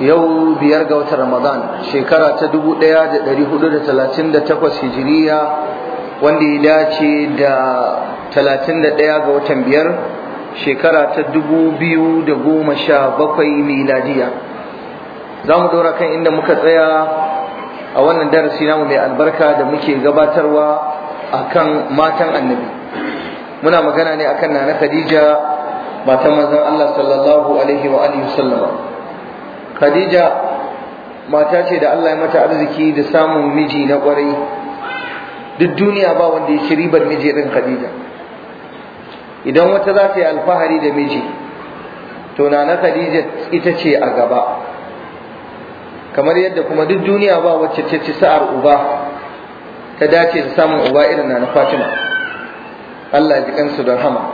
yau biyar ga watan ramadan shekara ta 1438 hijiriya wanda ya dace da 31 ga watan biyar shekara ta 2017 miladiya za mu dora kan inda muka tsaya a wannan darasi namu mai albarka da muke gabatarwa akan matan annabi muna magana ne akan nana khadija matan manzon Allah sallallahu alaihi wa alihi wasallama khadija mata ce da Allah ya mata arziki da samun miji na kwarai duk duniya ba wanda ya shiri ribar miji din khadija idan wata za ta yi alfahari da miji to na khadija ita ce a gaba kamar yadda kuma duk duniya ba wacce ce ci sa'ar uba ta dace da samun uba irin na na fatima Allah ya ji kansu don hama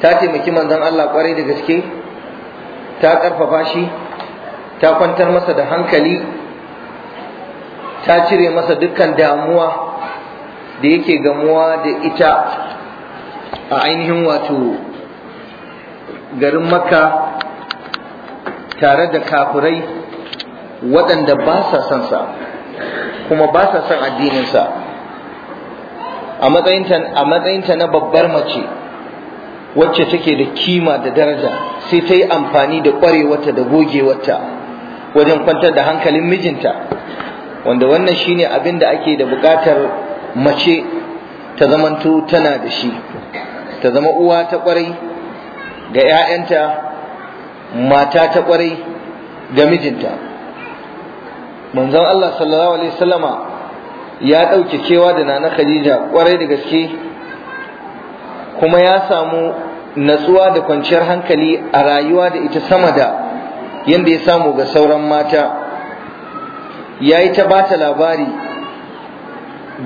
ta taimaki manzon Allah kwarai da gaske ta ƙarfafa shi ta kwantar masa da hankali ta cire masa dukkan damuwa da yake gamuwa da ita a ainihin wato garin makka tare da kafirai waɗanda ba sa son sa kuma ba sa son addininsa a matsayinta na babbar mace wacce take da kima da daraja sai ta yi amfani da ƙwarewarta da gogewata wajen kwantar da hankalin mijinta wanda wannan shine abin da ake da bukatar mace ta zamanto tana da shi ta zama uwa ta ƙwarai ga 'ya'yanta mata ta ƙwarai ga mijinta manzon Allah sallallahu alaihi wasallama ya ɗauke cewa da nana Khadija kwarai da gaske kuma ya samu natsuwa da kwanciyar hankali a rayuwa da ita sama da yadda ya samu ga sauran mata ya yi ta bata labari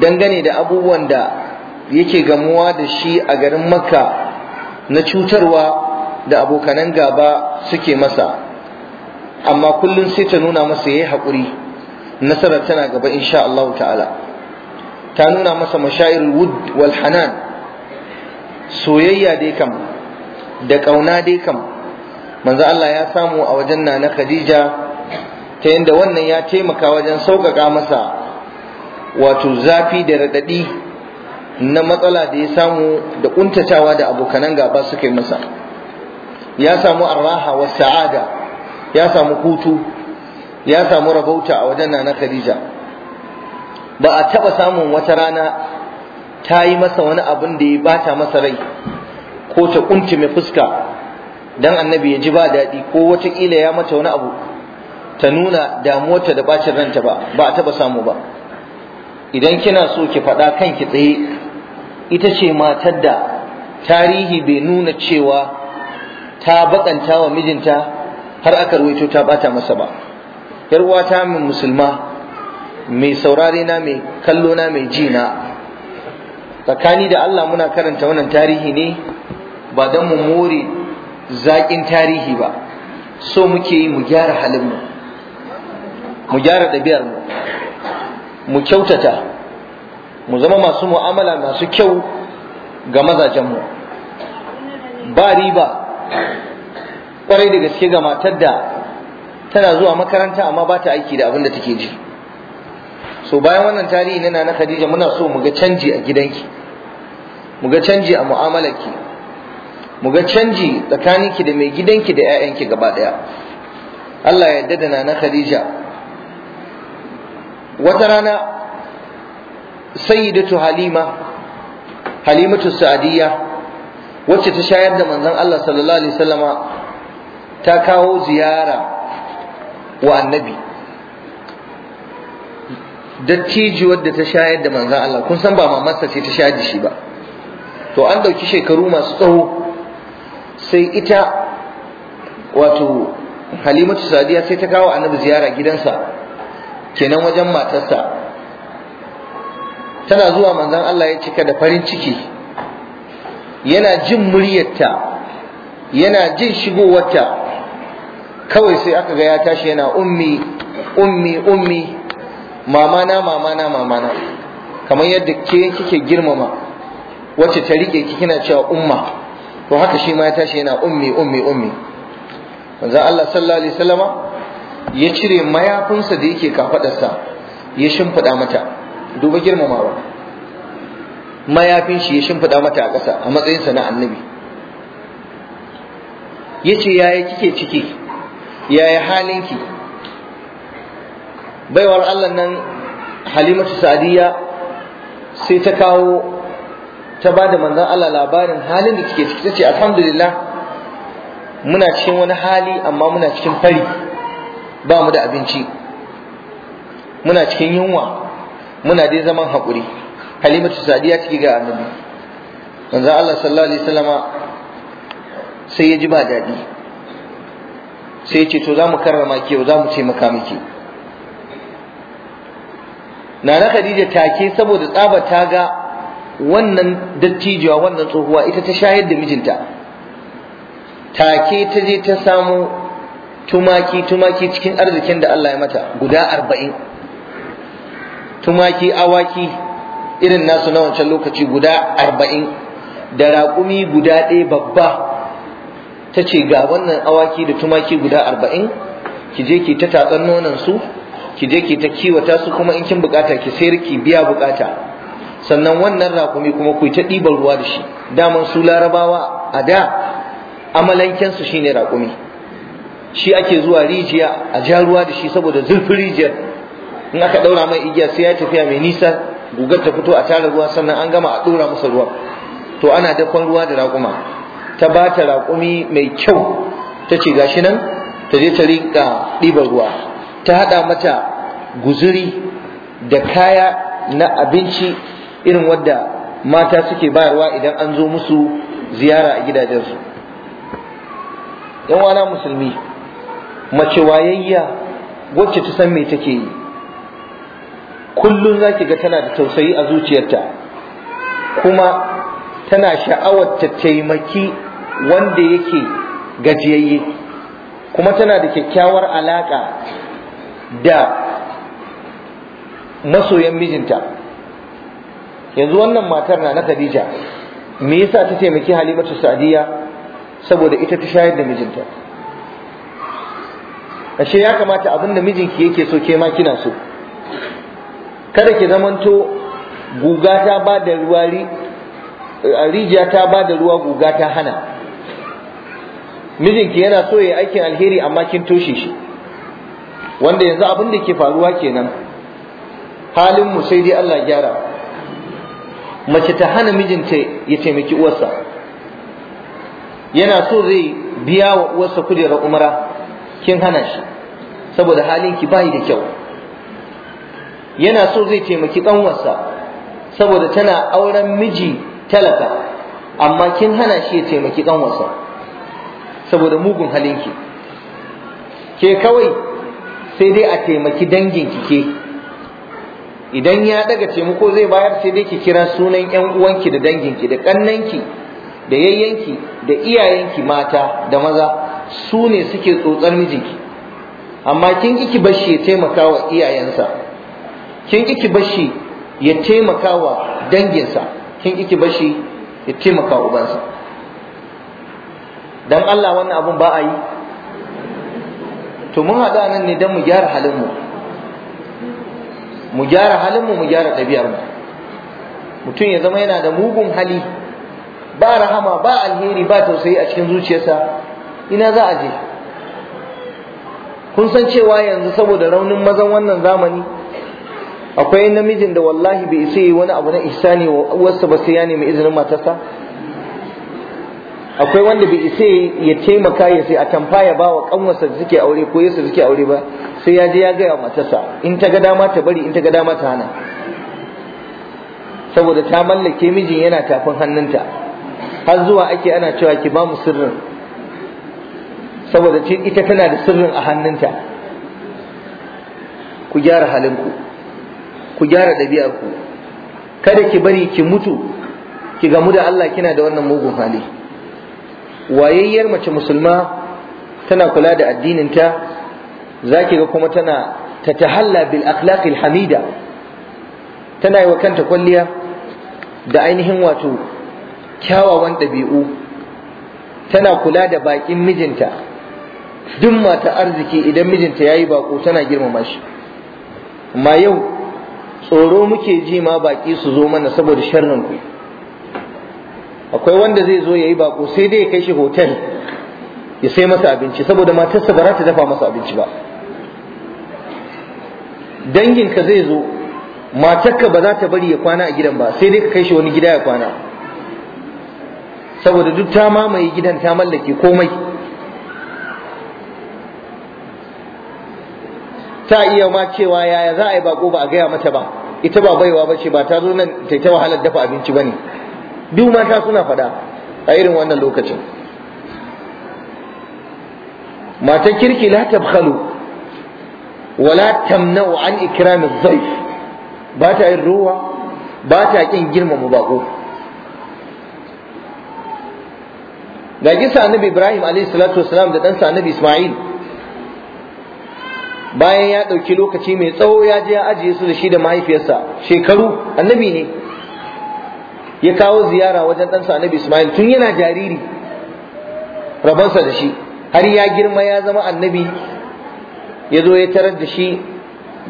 dangane da abubuwan da yake gamuwa da shi a garin makka na cutarwa da abokanan gaba suke masa amma kullum sai ta nuna masa ya yi haƙuri nasarar tana gaba insha Allah ta'ala ta nuna masa mashayar wud wal hanan soyayya dai kam da ƙauna dai kam manzo Allah ya samu a wajen na Khadija ta yadda wannan ya taimaka wajen sauƙaƙa masa wato zafi da raɗaɗi na matsala da ya samu da ƙuntatawa da abokanan gaba suka yi masa ya samu arraha wa sa'ada ya samu hutu ya samu rabauta a wajen Nana Khadija ba a taɓa samun wata rana ta yi masa wani abin da ya bata masa rai ko ta kunce mai fuska dan annabi ya ji ba daɗi ko watakila ya mata wani abu ta nuna damuwarta da bacin ranta ba ba a taɓa samu ba idan kina so ki faɗa kanki tsaye ita ce matar da tarihi bai nuna cewa ta bakanta wa mijinta har aka ruwaito ta bata masa ba yar uwata min musulma mai saurare na mai kallo na mai ji na tsakani da Allah muna karanta wannan tarihi ne ba don mu more zaƙin tarihi ba so muke yi mu gyara halin mu mu gyara ɗabi'armu mu mu kyautata mu zama masu mu'amala masu kyau ga mazajenmu ba riba kwarai da gaske ga matar da tana zuwa makaranta amma ba ta aiki da abin da take ji so bayan wannan tarihi na na Khadija muna so mu ga canji a gidanki mu ga canji a mu'amalarki mu ga canji tsakaninki da mai gidanki da 'ya'yanki gaba daya Allah ya yarda da Nana Khadija wata rana sayyidatu Halima Halimatu Sa'adiyya wacce ta shayar da manzon Allah sallallahu alaihi wasallama ta kawo ziyara wa annabi dattijuwar wadda ta shayar da manzan Allah kun san ba mamarsa ce ta shayar da shi ba to an ɗauki shekaru masu tsawo sai ita wato halimatu sadiya sai ta kawo annabi ziyara gidansa kenan wajen matarsa tana zuwa manzan Allah ya cika da farin ciki yana jin muryarta yana jin shigowarta kawai sai aka ga ya tashi yana ummi ummi ummi mamana mamana mamana kamar yadda ke kike girmama wacce ta rike ki kina cewa umma to haka shi ma ya tashi yana ummi ummi ummi manzo Allah sallallahu alaihi wasallama ya cire mayafinsa da yake kafadarsa ya shimfida mata duba girmamawa mayafin shi ya shimfida mata a ƙasa a matsayinsa na annabi ya ce yaya kike ciki yaya halinki baiwar Allah nan halimatu sa'adiyya sai ta kawo ta ba da manzon Allah labarin halin da take ciki tace alhamdulillah muna cikin wani hali amma muna cikin fari ba mu da abinci muna cikin yunwa muna dai zaman haƙuri halimatu sadiya take ga annabi manzon Allah sallallahu alaihi wasallama sai ya ji ba daɗi sai ya ce to za mu karrama ki yau za mu taimaka miki nana khadija take saboda tsaba ta ga wannan dattijuwa wannan tsohuwa ita ta shayar da mijinta take ta je ta samu tumaki tumaki cikin arzikin da Allah ya mata guda arba'in tumaki awaki irin nasu na wancan lokaci guda arba'in da raƙumi guda ɗaya babba ta ce ga wannan awaki da tumaki guda arba'in ki je ki ta tatsan nonon su ki je ki ta kiwata su kuma in kin bukata ki sayar ki biya bukata sannan wannan rakumi kuma ku ta ɗiban ruwa da shi daman su larabawa a da amalanken su shine rakumi shi ake zuwa rijiya a ja ruwa da shi saboda zurfin rijiyar in aka daura mai igiya sai ya tafiya mai nisa gugar ta fito a tara ruwa sannan an gama a dora masa ruwa to ana dafan ruwa da raƙuma ta bata ta raƙumi mai kyau ta ce gashi nan ta je ta riƙa ɗiban ruwa ta haɗa mata guzuri da kaya na abinci irin wadda mata suke bayarwa idan an zo musu ziyara a gidajensu wana musulmi mace wayayya wacce ta san me take yi kullum zaki ga tana da tausayi a zuciyarta kuma tana sha'awar ta taimaki wanda yake gajiyayye kuma tana da kyakkyawar alaƙa da masoyan mijinta yanzu wannan matar na na Khadija me yasa ta taimaki Halimatu Sa'diya saboda ita ta shayar da mijinta ashe ya kamata abinda mijinki yake so ke ma kina so kada ki zamanto guga ta ba da ruwa rijiya ta ba da ruwa guga ta hana mijinki yana so ya aikin alheri amma kin toshe shi wanda yanzu abin da ke faruwa kenan halin mu sai dai Allah gyara mace ta hana mijinta ya taimaki uwarsa yana so zai biya wa uwarsa kujerar umara kin hana shi saboda halin ki bayi da kyau yana so zai taimaki ƙanwarsa saboda tana auren miji talaka amma kin hana shi ya taimaki ƙanwarsa saboda mugun halinki ke kawai sai dai a taimaki dangin kike idan ya daga taimako zai bayar sai dai ki kira sunan yan uwanki da danginki da kannanki da yayyanki da iyayenki mata da maza su ne suke tsotsar mijinki amma kin ki bashi ya taimaka wa iyayensa kin ki bashi ya taimaka wa danginsa kin ki bashi ya taimaka wa ubansa dan Allah wannan abun ba a yi to mun haɗa nan ne don mu gyara halinmu mu gyara halinmu mu gyara ɗabi'armu mutum ya zama yana da mugun hali ba rahama ba alheri ba tausayi a cikin zuciyarsa ina za a je kun san cewa yanzu saboda raunin mazan wannan zamani akwai namijin da wallahi bai isa wani abu na ihsani wa uwarsa ba sai ya nemi izinin matarsa akwai wanda bai isa ya taimaka ya sai a tamfa ya wa kanwarsa da suke aure ko yasa suke aure ba sai ya je ya gaya matarsa in ta ga dama ta bari in ta ga dama ta hana saboda ta mallake mijin yana tafin hannunta har zuwa ake ana cewa ki ba mu sirrin saboda ita tana da sirrin a hannunta ku gyara halinku ku gyara ɗabi'arku kada ki bari ki mutu ki gamu da Allah kina da wannan mugun hali wayayyar mace musulma tana kula da addininta zaki ga kuma tana tatahalla bil akhlaqil hamida tana yi wa kanta kwalliya da ainihin wato kyawawan ɗabi'u tana kula da baƙin mijinta duk mata arziki idan mijinta ya yi baƙo tana girmama shi amma yau tsoro muke ji ma baƙi su zo mana saboda sharrin ku akwai wanda zai zo yayi bako sai dai ya kai shi hotel ya sai masa abinci saboda matarsa ba za ta dafa masa abinci ba danginka zai zo matarka ba za ta bari ya kwana a gidan ba sai dai ka kai shi wani gida ya kwana saboda duk ta mamaye gidan ta mallake komai ta iya ma cewa yaya za a yi bako ba a gaya mata ba ita ba baiwa ba ce ba ta zo nan ta ta wahalar dafa abinci ba ne duk mata suna faɗa a irin wannan lokacin matan kirki la tabkhalu wala tamna'u an ikrami dhaif ba ta yin ruwa ba ta kin girmama bako ga gisa annabi Ibrahim alayhi salatu wasalam da dan annabi Isma'il bayan ya ɗauki lokaci mai tsawo ya je ya ajiye su da shi da mahaifiyarsa shekaru annabi ne ya kawo ziyara wajen ɗansa annabi Ismail tun yana jariri rabansa da shi har ya girma ya zama annabi ya zo ya tarar da shi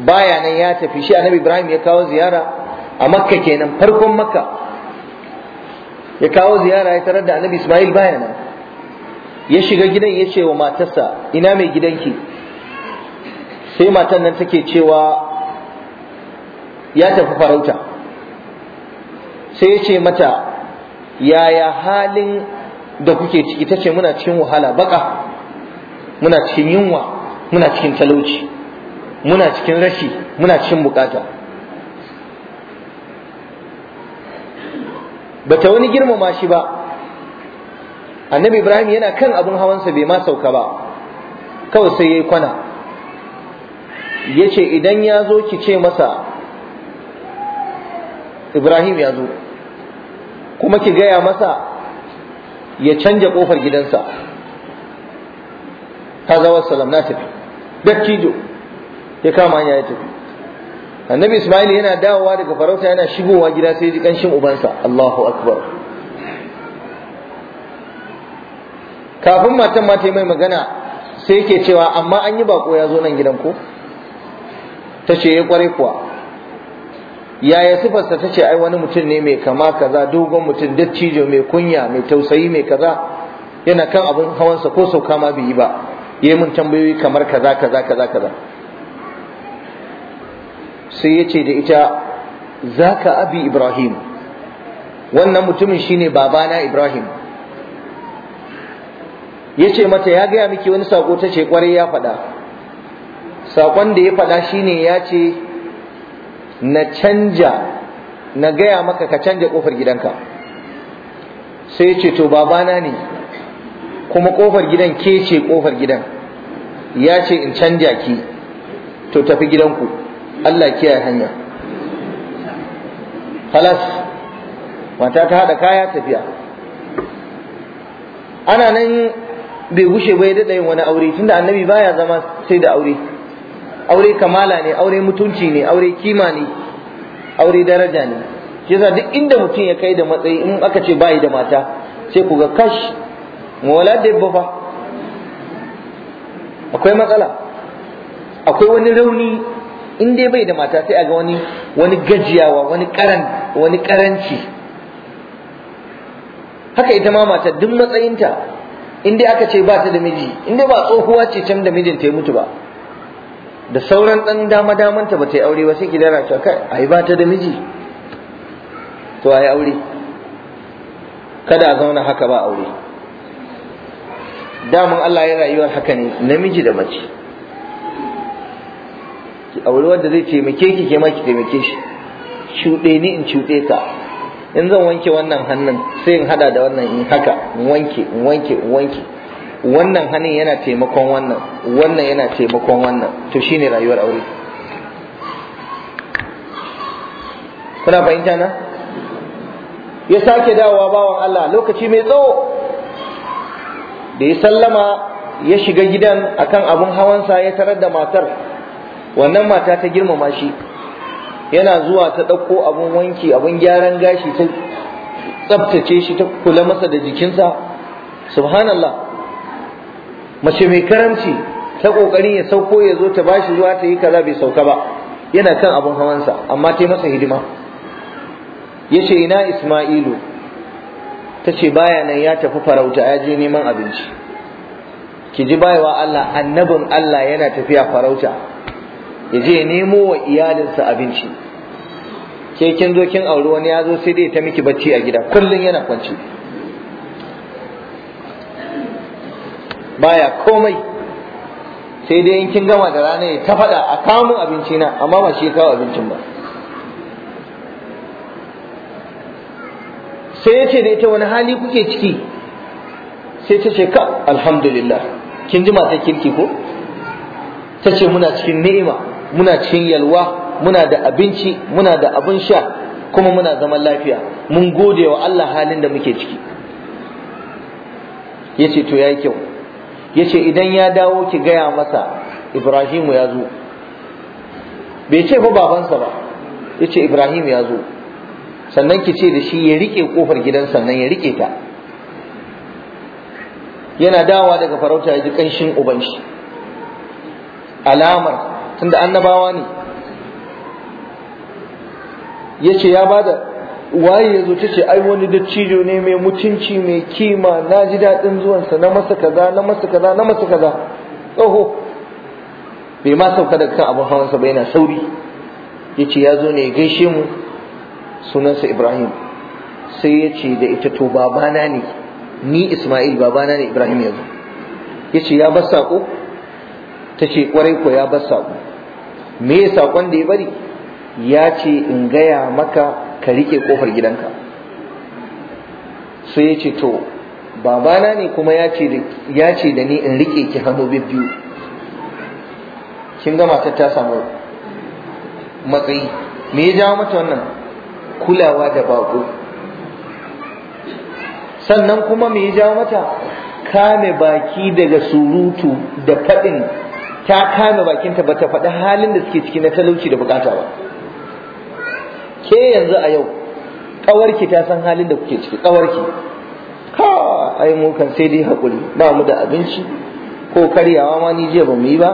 baya nan ya tafi shi annabi Ibrahim ya kawo ziyara a makka kenan farkon makka ya kawo ziyara ya tarar da annabi Ismail baya nan ya shiga gidan ya ce wa matarsa ina mai gidanki sai matan nan take cewa ya tafi farauta sai ya ce mata yaya halin da kuke ciki ta ce muna cikin wahala baka muna cikin yunwa muna cikin talauci muna cikin rashi muna cikin bukata bata wani girmama shi ba annabi ibrahim yana kan abin hawansa bai ma sauka ba kawai sai ya yi kwana ya ce idan ya zo ki ce masa ibrahim ya zo kuma ki gaya masa ya canja kofar gidansa kaza salam na tafi dattijo ya kama hanya ya tafi annabi ismail yana dawowa daga farauta yana shigowa gida sai ji kanshin ubansa allahu akbar kafin matan mata ta yi mai magana sai ke cewa amma an yi bako ya zo nan gidan ko ta ce ya eh, kware kuwa yaya sifarsa ta ce ai wani mutum ne mai kama kaza dogon mutum dattijo mai kunya mai tausayi mai kaza yana kan abin hawansa ko sauka ma bai yi ba Ya yi mun tambayoyi kamar kaza kaza kaza kaza sai ya ce da ita za ka abi ibrahim wannan mutumin shine babana ibrahim ya ce mata ya gaya miki wani sako ta ce kwarai ya faɗa Saƙon da ya faɗa shine ya ce na canja na gaya maka ka canja kofar gidanka sai ya ce to babana ne kuma kofar gidan ke ce kofar gidan ya ce in canja ki to tafi gidanku Allah kiyaye hanya halas mata ta haɗa kaya tafiya ana nan bai gushe bai daɗa yin wani aure tunda annabi baya zama sai da aure aure kamala ne aure mutunci ne aure kima ne aure daraja ne shi yasa duk inda mutum ya kai da matsayi in aka ce bayi da mata sai ku ga kash wala da fa akwai matsala akwai wani rauni in dai bai da mata sai a ga wani wani gajiyawa wani karan wani karanci haka ita ma mata duk matsayinta in dai aka ce ba ta da miji in dai ba tsohuwa ce can da mijinta ya mutu ba da sauran dan dama damanta ba ta yi aure ba sai ki dara cewa kai ai ba ta da miji to ai aure kada a zauna haka ba aure damun Allah ya rayuwar haka ne namiji da mace ki aure wanda zai taimake ki ke ma ki taimake shi cuɗe ni in cuɗe ka in zan wanke wannan hannun sai in hada da wannan in haka in wanke in wanke in wanke wannan hannun yana taimakon wannan wannan yana taimakon wannan to shine rayuwar aure kuna fahimta na ya sake dawowa bawan Allah lokaci mai tsawo da ya sallama ya shiga gidan akan abun hawansa ya tarar da matar wannan mata ta girmama shi yana zuwa ta ɗauko abun wanki abun gyaran gashi ta tsabtace shi ta kula masa da jikinsa subhanallah mace mai karamci ta kokari ya sauko ya zo ta bashi zuwa ta yi kaza bai sauka ba yana kan abun hawansa amma ta yi masa hidima yace ina Isma'ilu tace baya nan ya tafi farauta ya je neman abinci ki ji bayawa Allah annabin Allah yana tafiya farauta ya je nemo wa iyalinsa abinci ke kin zo kin auri wani ya zo sai dai ta miki bacci a gida kullun yana kwanci baya komai sai dai in kin gama da rana ya ta faɗa a kamun abinci na amma ba shi kawo abincin ba sai ya ce da ita wani hali kuke ciki sai ta ce ka alhamdulillah kin ji matar kirki ko ta ce muna cikin ni'ima muna cikin yalwa muna da abinci muna da abin sha kuma muna zaman lafiya mun gode wa Allah halin da muke ciki ya ce to ya yi kyau yace idan ya dawo ki gaya masa Ibrahimu ya zo bai ce ba babansa ba yace Ibrahim ya zo sannan ki ce da shi ya rike kofar gidan sannan ya rike ta yana dawa daga farauta ya ji kanshin uban shi alamar tunda annabawa ne yace ya bada waye ya zo ta ce ai wani dattijo ne mai mutunci mai kima na ji daɗin zuwansa na masa kaza na masa kaza na masa kaza tsoho bai ma sauka daga kan abin hawansa ba yana sauri ya ce ya zo ne ya gaishe mu sunansa ibrahim sai ya ce da ita to babana ne ni isma'il babana ne ibrahim ya zo ya ce ya bar saƙo ta ce ƙwarai ko ya bar saƙo me ya saƙon da ya bari ya ce in gaya maka ka rike kofar gidanka sai ya ce to babana ne kuma ya ce da ni in rike ki hannu biyu kin ga matar ta samu matsayi me ya jawo mata wannan kulawa da bako sannan kuma me ya jawo mata kame baki daga surutu da faɗin ta kame bakinta ba ta faɗi halin da suke ciki na talauci da bukata ba ke yanzu a yau kawarki ta san halin da kuke ciki kawarki ka ai mu kan sai dai hakuri ba mu da abinci ko karyawa ma ni jiya ba mu yi ba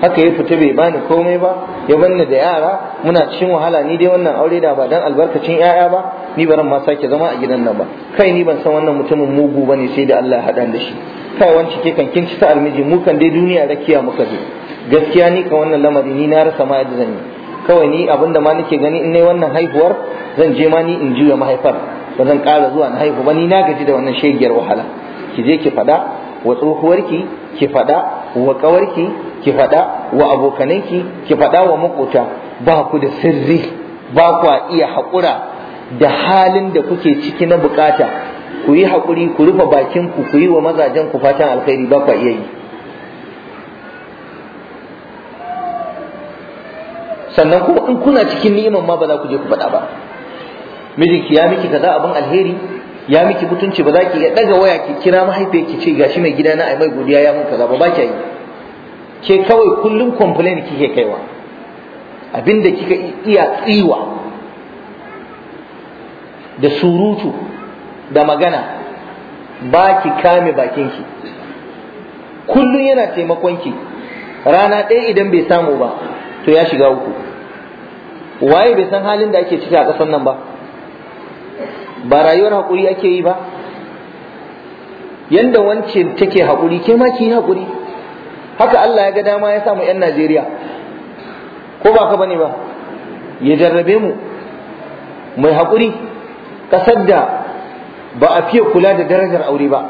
haka ya fita bai bani komai ba ya banni da yara muna cikin wahala ni dai wannan aure da ba dan albarkacin yaya ba ni baran ma sake zama a gidan nan ba kai ni ban san wannan mutumin mugu bane sai da Allah ya hada da shi kai wance ke kan kin ci ta almiji mu kan dai duniya rakiya muka je gaskiya ni ka wannan lamari ni na rasa ma yadda zan yi kawai ni abinda ma nake gani in nai wannan haihuwar zan je ma ni in juya mahaifar ba zan ƙara zuwa na haihu ba ni na gaji da wannan shegiyar wahala ki je ki faɗa wa tsohuwarki ki faɗa wa ƙawarki ki faɗa wa abokananki ki faɗa wa makota ba ku da sirri ba ku iya haƙura da halin da kuke ciki na bukata ku yi haƙuri ku rufe bakinku ku yi wa mazajen ku fatan alkhairi ba ku iya yi sannan kuma in kuna cikin ni'imar ma ba za ku je ku faɗa ba mijinki ya miki kaza abin alheri ya miki mutunci ba za ki iya ɗaga waya ki kira mahaifiyar ki ce gashi mai gida na ai mai godiya ya mun kaza ba ba yi ke kawai kullum complain kike kaiwa abinda kika iya tsiwa da surutu da magana ba ki kame bakin ki kullum yana taimakon ki rana ɗaya idan bai samu ba to ya shiga uku waye bai san halin da ake ciki a ƙasar nan ba ba rayuwar haƙuri ake yi ba yanda wance take hakuri ke ma ki haƙuri haka Allah ya ga dama ya sa mu 'yan Najeriya ko ba ka bane ba ya jarrabe mu mai haƙuri ƙasar da ba a fiye kula da darajar aure ba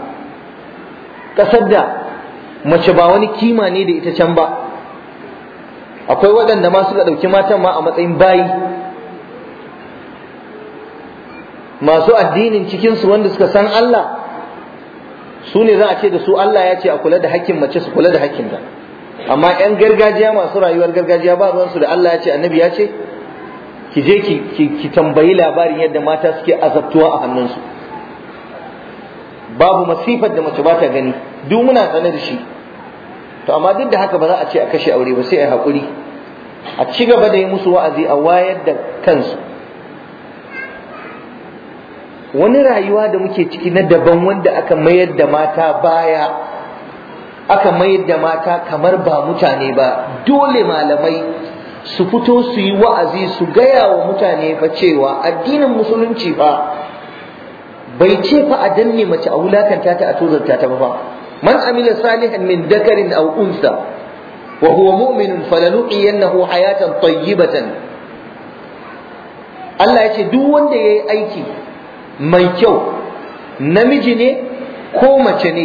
ƙasar da mace ba wani kima ne da ita can ba akwai waɗanda ma suka ɗauki matan ma a matsayin bayi masu addinin cikinsu wanda suka san Allah su ne za a ce da su Allah ya ce a kula da hakkin mace su kula da hakkin da amma 'yan gargajiya masu rayuwar gargajiya ba ruwansu da Allah ya ce annabi ya ce ki je ki tambayi labarin yadda mata suke azabtuwa a hannunsu babu masifar da mace ba ta gani duk muna sane da shi to amma duk da haka ba za a ce a kashe aure ba sai a haƙuri a ci gaba da yi musu wa'azi a wayar da kansu wani rayuwa da muke ciki na daban wanda aka mayar da mata baya aka mayar da mata kamar ba mutane ba dole malamai su fito su yi wa'azi su gaya wa mutane fa cewa addinin musulunci ba. bai ce fa a danne mace a wulakanta ta a tozarta ta ba man amila salihan min dakarin aw unsa wa huwa mu'minun falanu'iyannahu hayatan tayyibatan Allah ya ce duk wanda ya yi aiki mai kyau namiji ne ko mace ne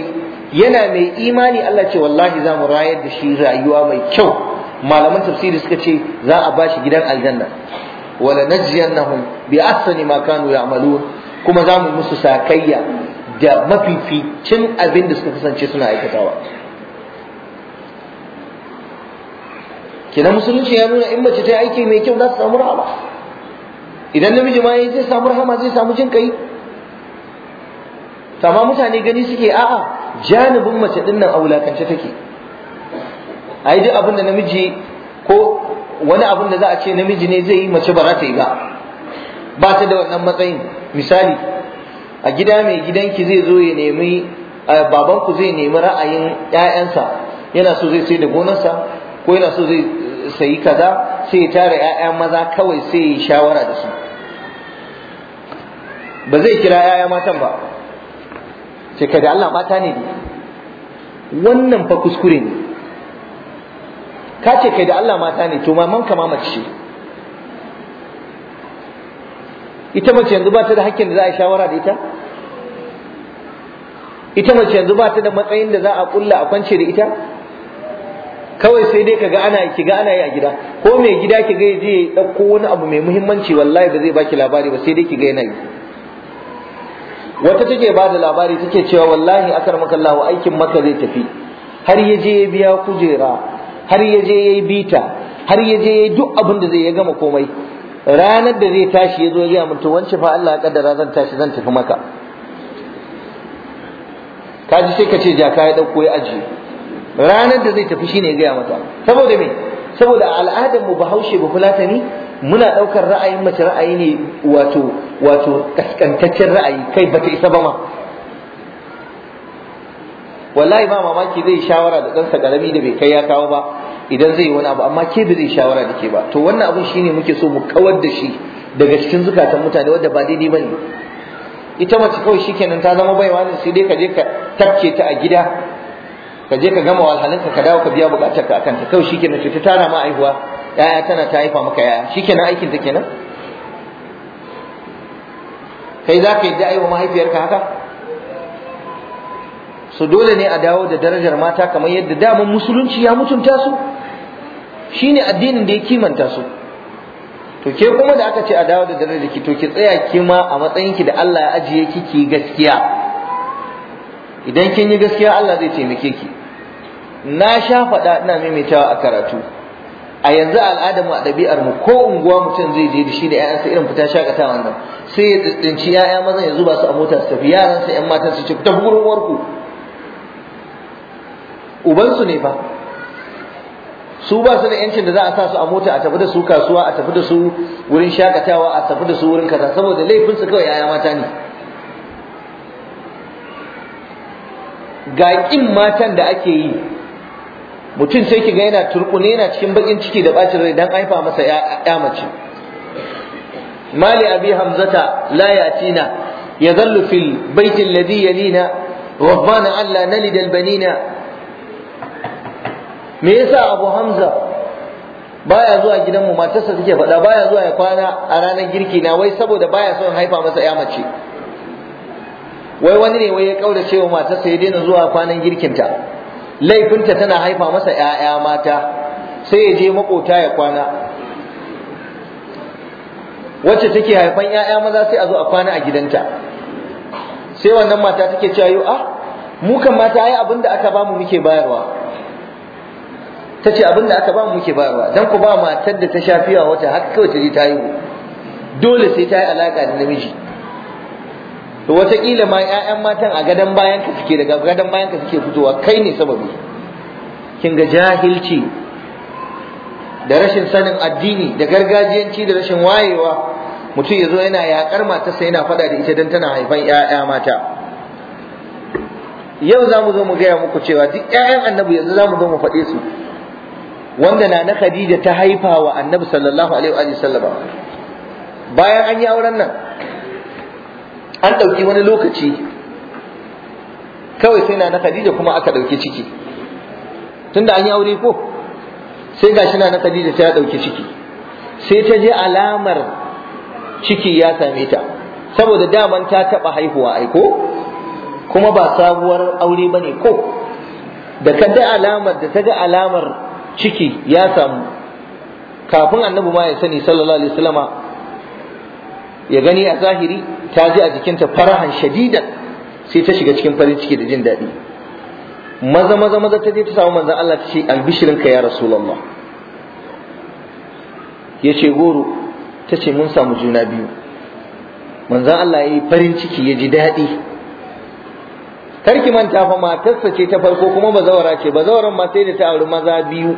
yana mai imani Allah ce wallahi za mu rayar da shi rayuwa mai kyau malaman tafsiri suka ce za a ba shi gidan aljanna wala najziyannahum bi ahsani ma kanu ya'malun kuma za mu musu sakayya da mafificin abin da suka kasance suna aikatawa na musulunci ya nuna in mace ta yi aiki mai kyau za ta samu rahama idan namiji ma zai samu rahama zai samu jin kai amma mutane gani suke a'a janibin mace din nan a wulakance take yi duk abin da namiji ko wani abin da za a ce namiji ne zai yi mace ba za ta yi ba ba ta da wannan matsayin misali a gida mai gidanki zai zo ya nemi babanku zai nemi ra'ayin 'ya'yansa yana so zai sai da gonarsa ko yana so zai eh, sayi kaza sai ya tara ƴaƴan maza kawai sai ya shawara da su ba zai kira 'ya'ya matan ba sai kada da Allah mata ne wannan fa kuskure ne ka ce kai da Allah mata ne to maman ka mace ce ita mace yanzu ba ta da hakkin da za a shawara da ita ita mace yanzu ba ta da matsayin da za a kulla a kwance da ita kawai sai dai kaga ana ki ga ana yi a gida ko mai gida ki ga yaje ya dauko wani abu mai muhimmanci wallahi ba zai baki labari ba sai dai ki ga yana yi wata take ba da labari take cewa wallahi akar makallahu aikin maka zai tafi har yaje ya biya kujera har yaje yayi ya yi bita har yaje yayi ya yi duk abin da zai ya gama komai ranar da zai tashi ya zo ya mutu wance fa Allah ya kaddara zan tashi zan tafi maka kaji sai ka ce jaka ya dauko ya ajiye. ranar da zai tafi shine ya gaya mata saboda me saboda al'adar mu bahaushe ba fulatani muna daukar ra'ayin mace ra'ayi ne wato wato kaskantaccen ra'ayi kai bata isa ba ma wallahi ba mamaki zai shawara da ɗansa ƙarami da bai kai ya kawo ba idan zai yi wani abu amma ke ba zai shawara da ke ba to wannan abun shine muke so mu kawar da shi daga cikin zukatan mutane wadda ba daidai bane ita mace kawai shikenan ta zama baiwa ne sai dai ka je ka tafke ta a gida ka je ka gama walhalinka ka dawo ka biya bukatar ka akan ta kawai shikenan ta tara ma aihuwa yaya tana ta haifa maka yaya shikenan aikin ta kenan kai za ka yadda aiwa mahaifiyarka haka so dole ne a dawo da darajar mata kamar yadda damar musulunci ya mutunta su Shi ne addinin da ya kimanta su to ke kuma da aka ce a dawo da dare da ki to ki tsaya kima a matsayin ki da Allah ya ajiye ki ki gaskiya idan kin yi gaskiya Allah zai taimake ki na sha faɗa ina maimaitawa a karatu a yanzu al'adar mu a ɗabi'ar mu ko unguwa mutum zai je da shi da ƴaƴansa irin fita shakatawa wannan, sai ya tsinci ƴaƴa mazan ya zuba su a mota su tafi yaransa ƴan matan su ce ta gurin warku ubansu ne fa su ba su da yancin da za a sa su a mota a tafi da su kasuwa a tafi da su wurin shakatawa a tafi da su wurin kaza saboda laifin su kawai yaya mata ne ga kin matan da ake yi mutum sai ki ga yana turkune yana cikin bakin ciki da bacin rai dan haifa masa ya mace mali abi hamzata la yatina yadhallu fil baiti alladhi yalina ربنا ألا نلد البنين me yasa abu hamza baya zuwa gidanmu matarsa take faɗa baya zuwa ya kwana a ranar girki na wai saboda baya son haifa masa ya mace wai wani ne wai ya kaura cewa matarsa ya daina zuwa kwanan girkinta laifinta tana haifa masa ‘ya'ya mata sai ya je makota ya kwana wacce take haifan ‘ya'ya maza sai a zo a kwana a gidanta sai wannan mata take cewa yo ah mu kan mata ai abin da aka bamu muke bayarwa ta ce abin da aka ba mu muke bayarwa dan ku ba matar da ta shafiya wata haka kawai ta ta haihu dole sai ta yi alaka da namiji to wataƙila ma ƴaƴan matan a gadan bayan ka suke daga gadon bayan ka suke fitowa kai ne sababi kin ga jahilci da rashin sanin addini da gargajiyanci da rashin wayewa mutum ya zo yana yaƙar sa yana faɗa da ita dan tana haifan ƴaƴa mata yau za mu zo mu gaya muku cewa duk 'ya'yan annabi yanzu za mu zo mu faɗe su wanda na na khadija ta haifa wa annabi sallallahu alaihi wa sallam bayan an yi auren nan an ɗauki wani lokaci kawai sai na na khadija kuma aka ɗauki ciki tunda an yi aure ko sai gashi na na khadija ta ɗauki ciki sai ta je alamar ciki ya same ta saboda daman ta taɓa haihuwa aiko kuma ba sabuwar aure ba ne ko da ka da alamar da ta ga alamar ciki ya samu kafin annabi ma ya sani sallallahu alaihi wasallama ya gani a zahiri ta ji a jikinta farahan shadidan sai ta shiga cikin farin ciki da jin daɗi maza maza maza ta je ta samu manzon Allah ta ce albishirin ka ya rasulullah ya ce goro ta ce mun samu juna biyu manzon Allah ya yi farin ciki ya ji daɗi karki manta fa matarsa ce ta farko kuma bazawara ce bazawaran ma sai da ta auri maza biyu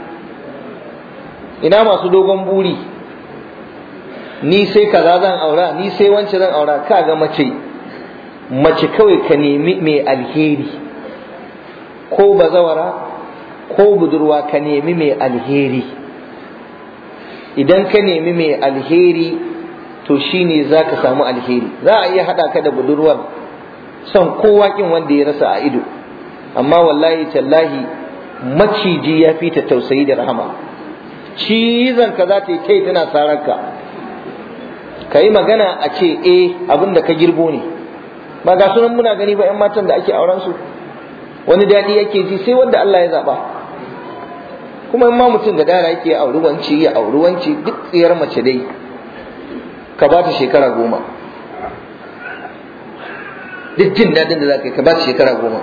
ina masu dogon buri ni sai kaza zan aura ni sai wance zan aura ka ga mace mace kawai ka nemi mai alheri ko bazawara ko budurwa ka nemi mai alheri idan ka nemi mai alheri to shine za ka samu alheri za a iya haɗa ka da budurwar son kowa kin wanda ya rasa a ido amma wallahi tallahi maciji ya fi ta tausayi da rahama cizon ka za ta yi kai tana sararka ka yi magana a ce e eh, abinda ka girbo ne ba ga sunan muna gani ba 'yan matan da ake auren su wani daɗi yake ji sai wanda Allah ya zaɓa kuma in ma mutum da dara yake auri wanci ya auri wanci duk tsiyar mace dai ka ba ta shekara goma duk jin daɗin da za ka yi ka ba shi shekara goma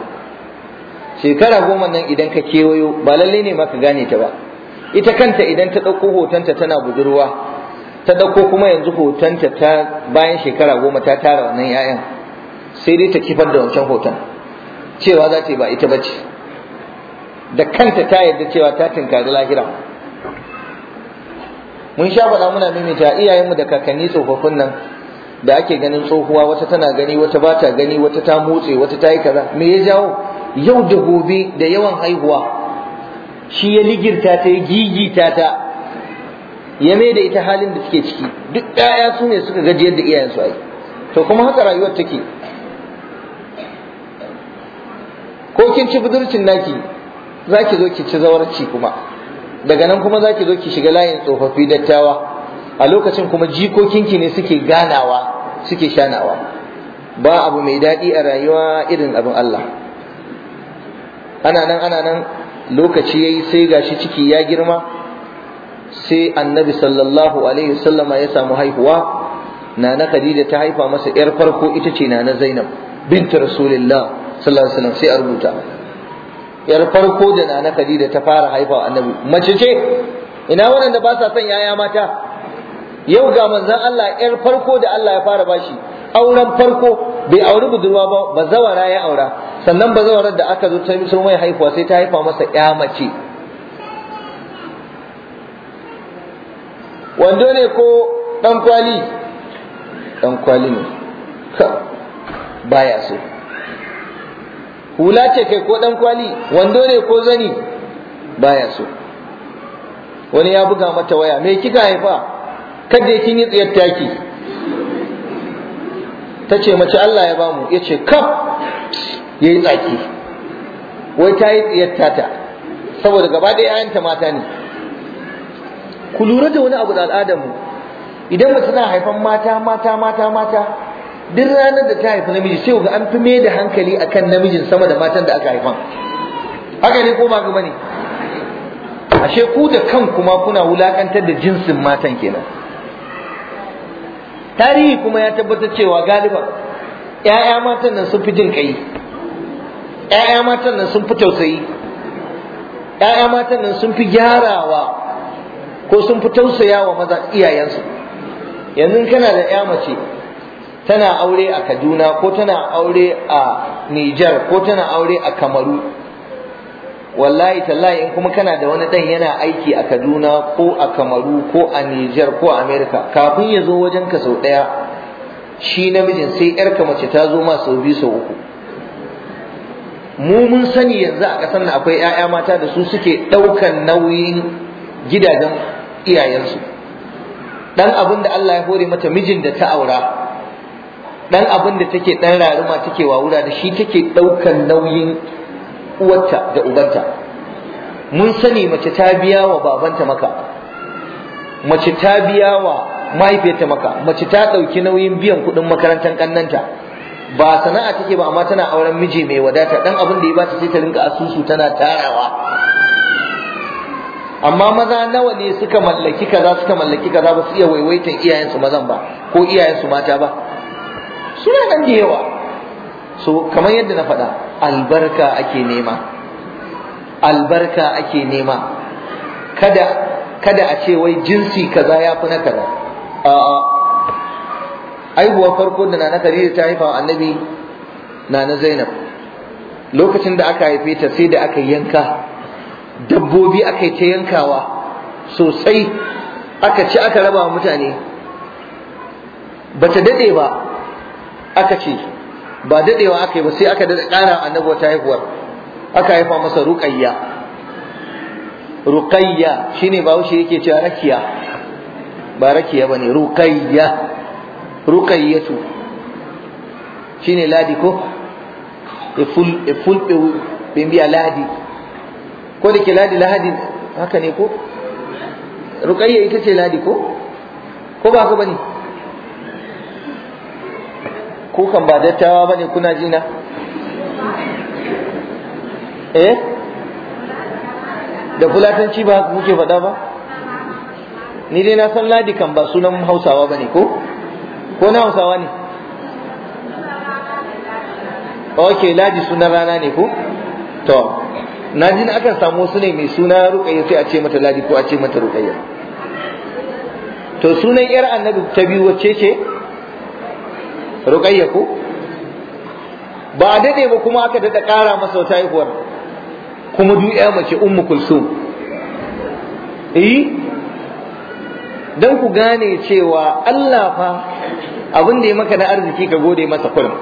shekara goma nan idan ka kewayo ba lalle ne ma ka gane ta ba ita kanta idan ta ɗauko hotonta tana budurwa ta ɗauko kuma yanzu hotonta ta bayan shekara goma ta tara wannan 'ya'yan sai dai ta kifar da wancan hoton cewa za ta yi ba ita bace da kanta ta yarda cewa ta tinkari lahira mun sha faɗa muna mimita iyayenmu da kakanni tsofaffin nan da ake ganin tsohuwa wata tana gani wata ba ta gani wata ta motse wata ta yi kaza me ya jawo yau da gobe da yawan haihuwa shi ya ligirta ta ya gigita ta ya mai da ita halin da suke ciki duk ɗaya su ne suka gaji yadda iyayen su ai to kuma haka rayuwar take ko kin ci budurcin naki za zo ki ci zawarci kuma daga nan kuma zaki zo ki shiga layin tsofaffi dattawa a lokacin kuma jikokinki ne suke ganawa suke shanawa ba abu mai daɗi a rayuwa irin abin Allah ana nan ana nan lokaci yi sai gashi ciki ya girma sai annabi sallallahu alaihi wasallama ya samu haihuwa na na Khadija ta haifa masa yar farko ita ce na Zainab bint Rasulullah sallallahu alaihi wasallam sai a rubuta yar farko da na na Khadija ta fara haifa annabi mace ce ina da ba sa son yaya mata yau ga manzan Allah yar farko da Allah ya fara bashi auren farko bai auri budurwa ba bazawara ya aura sannan bazawarar da aka zo ta so mai haihuwa sai ta haifa masa ya mace wando ne ko dan kwali dan kwali ne baya so hula ce kai ko dan kwali wando ne ko zani baya so wani ya buga mata waya me kika haifa kada ya kinyi tsayar taki ta ce mace Allah ya bamu ya ce kaf ya yi tsaki wai ta yi tsayar tata saboda gaba ɗaya 'ya'yanta mata ne ku lura da wani abu da al'adarmu idan mace suna haifan mata mata mata mata duk ranar da ta haifi namiji sai ga an fi mai da hankali akan namijin sama da matan da aka haifan haka ne ko ba gaba ne ashe ku da kan kuma kuna wulakantar da jinsin matan kenan tarihi kuma ya tabbatar cewa galiban ‘ya'ya matan nan sun fi jin kai ‘ya'ya matan nan sun fi tausayi ‘ya'ya matan nan sun fi gyarawa ko sun fi tausayawa maza iyayensu yanzu kana da ‘ya mace tana aure a kaduna ko tana aure a nijar ko tana aure a kamaru wallahi tallahi in kuma kana da wani dan yana aiki a Kaduna ko a Kamaru ko a Niger ko a America kafin ya zo wajen ka sau daya shi namijin sai yar ka mace ta zo ma sau biyu sau uku mu mun sani yanzu a kasar nan akwai 'ya'ya mata da su suke ɗaukan nauyin gidajen iyayensu dan abin da Allah ya hore mata mijin da ta aura dan abin da take dan raruma take wawura da shi take daukan nauyin uwarta da ubanta mun sani mace ta biya wa babanta maka mace ta biya wa mahaifiyarta maka mace ta ɗauki nauyin biyan kuɗin makarantar ƙannanta ba sana'a take ba amma tana auren miji mai wadata ɗan abin da ya bata sai ta rinka asusu tana tarawa amma maza nawa ne suka mallaki kaza suka mallaki kaza ba su iya waiwaitan iyayensu mazan ba ko iyayensu mata ba suna nan da yawa so kamar yadda na faɗa albarka ake nema albarka ake nema kada kada a ce wai jinsi kaza ya fi na kaza a'a aihuwar farko da na Khadija ta haifa annabi na na Zainab lokacin da aka haife ta sai da aka yanka dabbobi aka yi ta yankawa sosai aka ci aka raba mutane bata dade ba aka ce ba dadewa aka yi ba sai aka da ƙara annabi wata haihuwar aka haifa masa ruqayya ruqayya shine wuce yake cewa rakiya ba rakiya bane ruqayya ruqayyatu shine ladi ko e ful e ful e be biya ladi ko da ke ladi ladi haka ne ko ruqayya ita ce ladi ko ko ba ka bane kukan ba dattawa bane kuna jina eh da fulatanci ba muke faɗa ba ni dai na san ladi kan ba sunan hausawa bane ko ko na hausawa ne ok ladi sunan rana ne ko to na ji na akan samu su ne mai suna Rukayya sai a ce mata ladi ko a ce mata Rukayya? to sunan yar annabi ta biyu wacce ce ruqayya ko ba a daɗe ba kuma aka daɗa ƙara masa wata haihuwar kuma duk ya mace ummu kulsum eh dan ku gane cewa Allah fa abin da ya maka na arziki ka gode masa kullum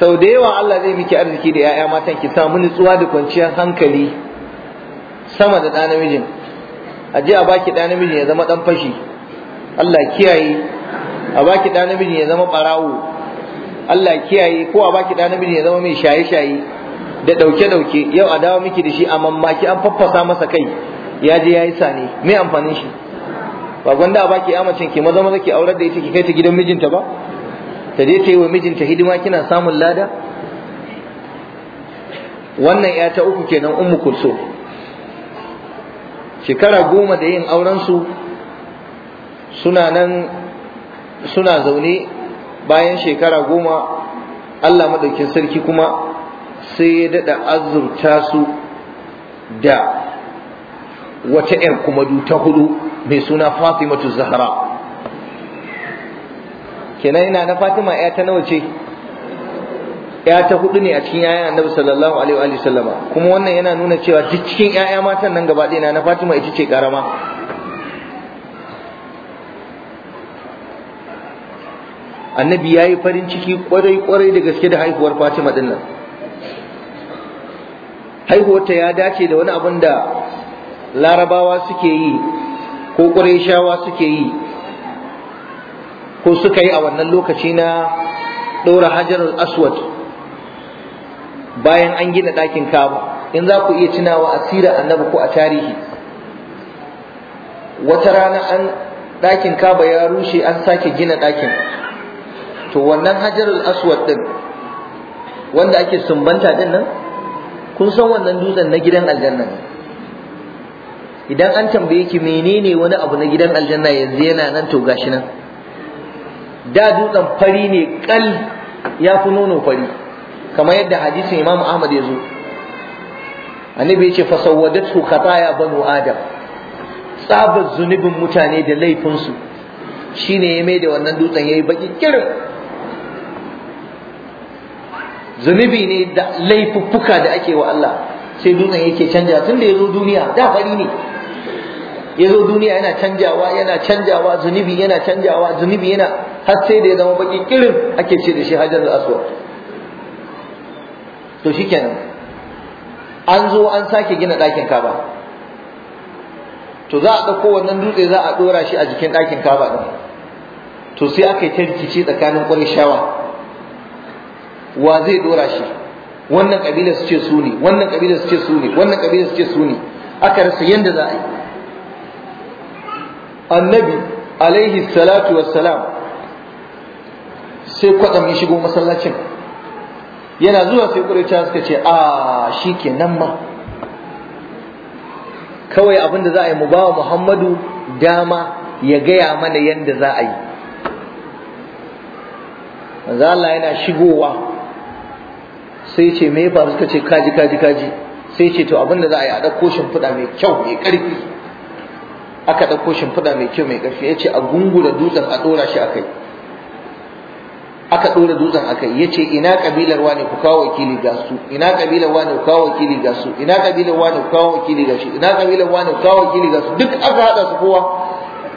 sau da yawa Allah zai miki arziki da 'ya'ya matan ki samu nutsuwa da kwanciyar hankali sama da ɗa namijin a ji a baki ɗa namijin ya zama ɗan fashi Allah kiyaye a baki da namiji ya zama barawo Allah kiyaye ko a baki da namiji ya zama mai shaye-shaye da dauke-dauke yau a dawo miki da shi a mamaki an faffasa masa kai ya je ya yi sane me amfanin shi ba gwanda a baki amacin ki maza maza ki aurar da ita ki kai ta gidan mijinta ba ta je ta yi wa mijinta hidima kina samun lada wannan ya ta uku kenan ummu kulso shekara goma da yin auren su suna nan suna zaune bayan shekara goma Allah maɗaukin sarki kuma sai ya daɗa azurta su da wata 'yar kumadu ta hudu mai suna fatimatu zahra kenan ina na fatima ya ta nawa ce ya ta hudu ne a cikin yayan annabi sallallahu alaihi wa sallama kuma wannan yana nuna cewa duk cikin yaya matan nan gaba ɗaya na fatima ita ce karama annabi ya yi farin ciki kwarai-kwarai da gaske da haihuwar fatima din nan haihuwarta ya dace da wani abin da larabawa suke yi ko ƙurayshawa suke yi ko suka yi a wannan lokaci na ɗora hajarar aswad bayan an gina ɗakin kaba in za ku iya tunawa asira annabi ko a tarihi wata rana an ɗakin kaba ya rushe an sake gina ɗakin to wannan hajarul aswad din wanda ake sumbanta din nan kun san wannan dutsen na gidan aljanna ne idan an tambaye ki menene wani abu na gidan aljanna yanzu yana nan to gashi nan da dutsen fari ne kal ya fi nono fari kamar yadda hadisin imam ahmad ya zo annabi ya ce fasawadatu khataya banu adam tsabar zunubin mutane da laifinsu shine ya mai da wannan dutsen yayi baki kirin zunubi ne da laifuffuka da ake wa Allah sai dutsen yake canja tun da ya zo duniya da fari ne ya zo duniya yana canjawa yana canjawa zunubi yana canjawa zunubi yana har sai da ya zama baki kirin ake ce da shi hajar aswa to shikenan an zo an sake gina ɗakin kaba to za a ɗauko wannan dutse za a ɗora shi a jikin ɗakin kaba ɗin to sai aka yi ta rikici tsakanin ƙwarishawa wa zai dora shi wannan kabila su ce su ne wannan kabila su ce su ne wannan kabila su ce su ne aka rasa yadda za a yi annabi alaihi salatu wassalam sai kwatsam ya shigo masallacin yana zuwa sai ƙuraita suka ce a shi ke nan ma kawai abin da za a yi mu bawa muhammadu dama ya gaya mana yadda za a yi Allah yana shigowa sai ce me ba faru ta ce kaji kaji kaji sai ce to abinda za a yi a ɗauko shimfiɗa mai kyau mai ƙarfi aka ɗauko shimfiɗa mai kyau mai ƙarfi ya ce a gungura dutsen a ɗora shi a kai aka ɗora dutsen a kai ya ce ina ƙabilar wane ku kawo wakili ga su ina ƙabilar wane ku kawo wakili ga su ina ƙabilar wane ku kawo wakili ga shi ina ƙabilar wane ku kawo wakili ga su duk aka haɗa su kowa